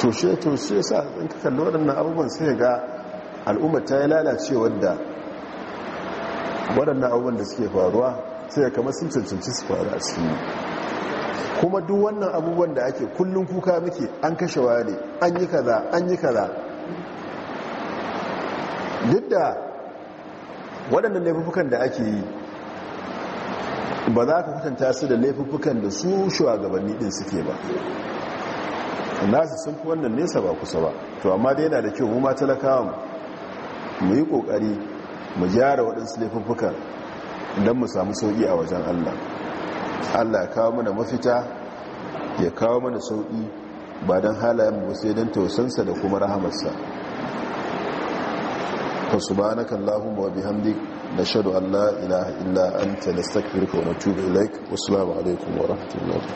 to shi to shi sa in ka kalli waɗannan abubuwan sai ga al'ummar ta yi lalace wadda waɗannan abubuwan da suke faruwa sai kamar sun cancanci su faru a cikin kuma duk wannan abubuwan da ake kullum kuka muke an kashe ware an yi kaza an yi kaza duk da waɗannan laifukan da ake yi ba za ka kwatanta su da laifukan da su shugabanni ɗin suke ba nasu sun fi wannan nesa ba kusa ba to amma dai yana da kyau mu ma talakawa mu yi ƙoƙari mu gyara waɗansu laifukan don mu samu sauƙi a wajen allah allah ya kawo mana mafita ya kawo mana sauƙi ba don halayen mu sai don tausansa da kuma rahamarsa fa subhanaka allahumma wa bihamdik nashhadu an la ilaha illa anta nastaghfiruka wa natubu ilaik wassalamu alaikum wa rahmatullahi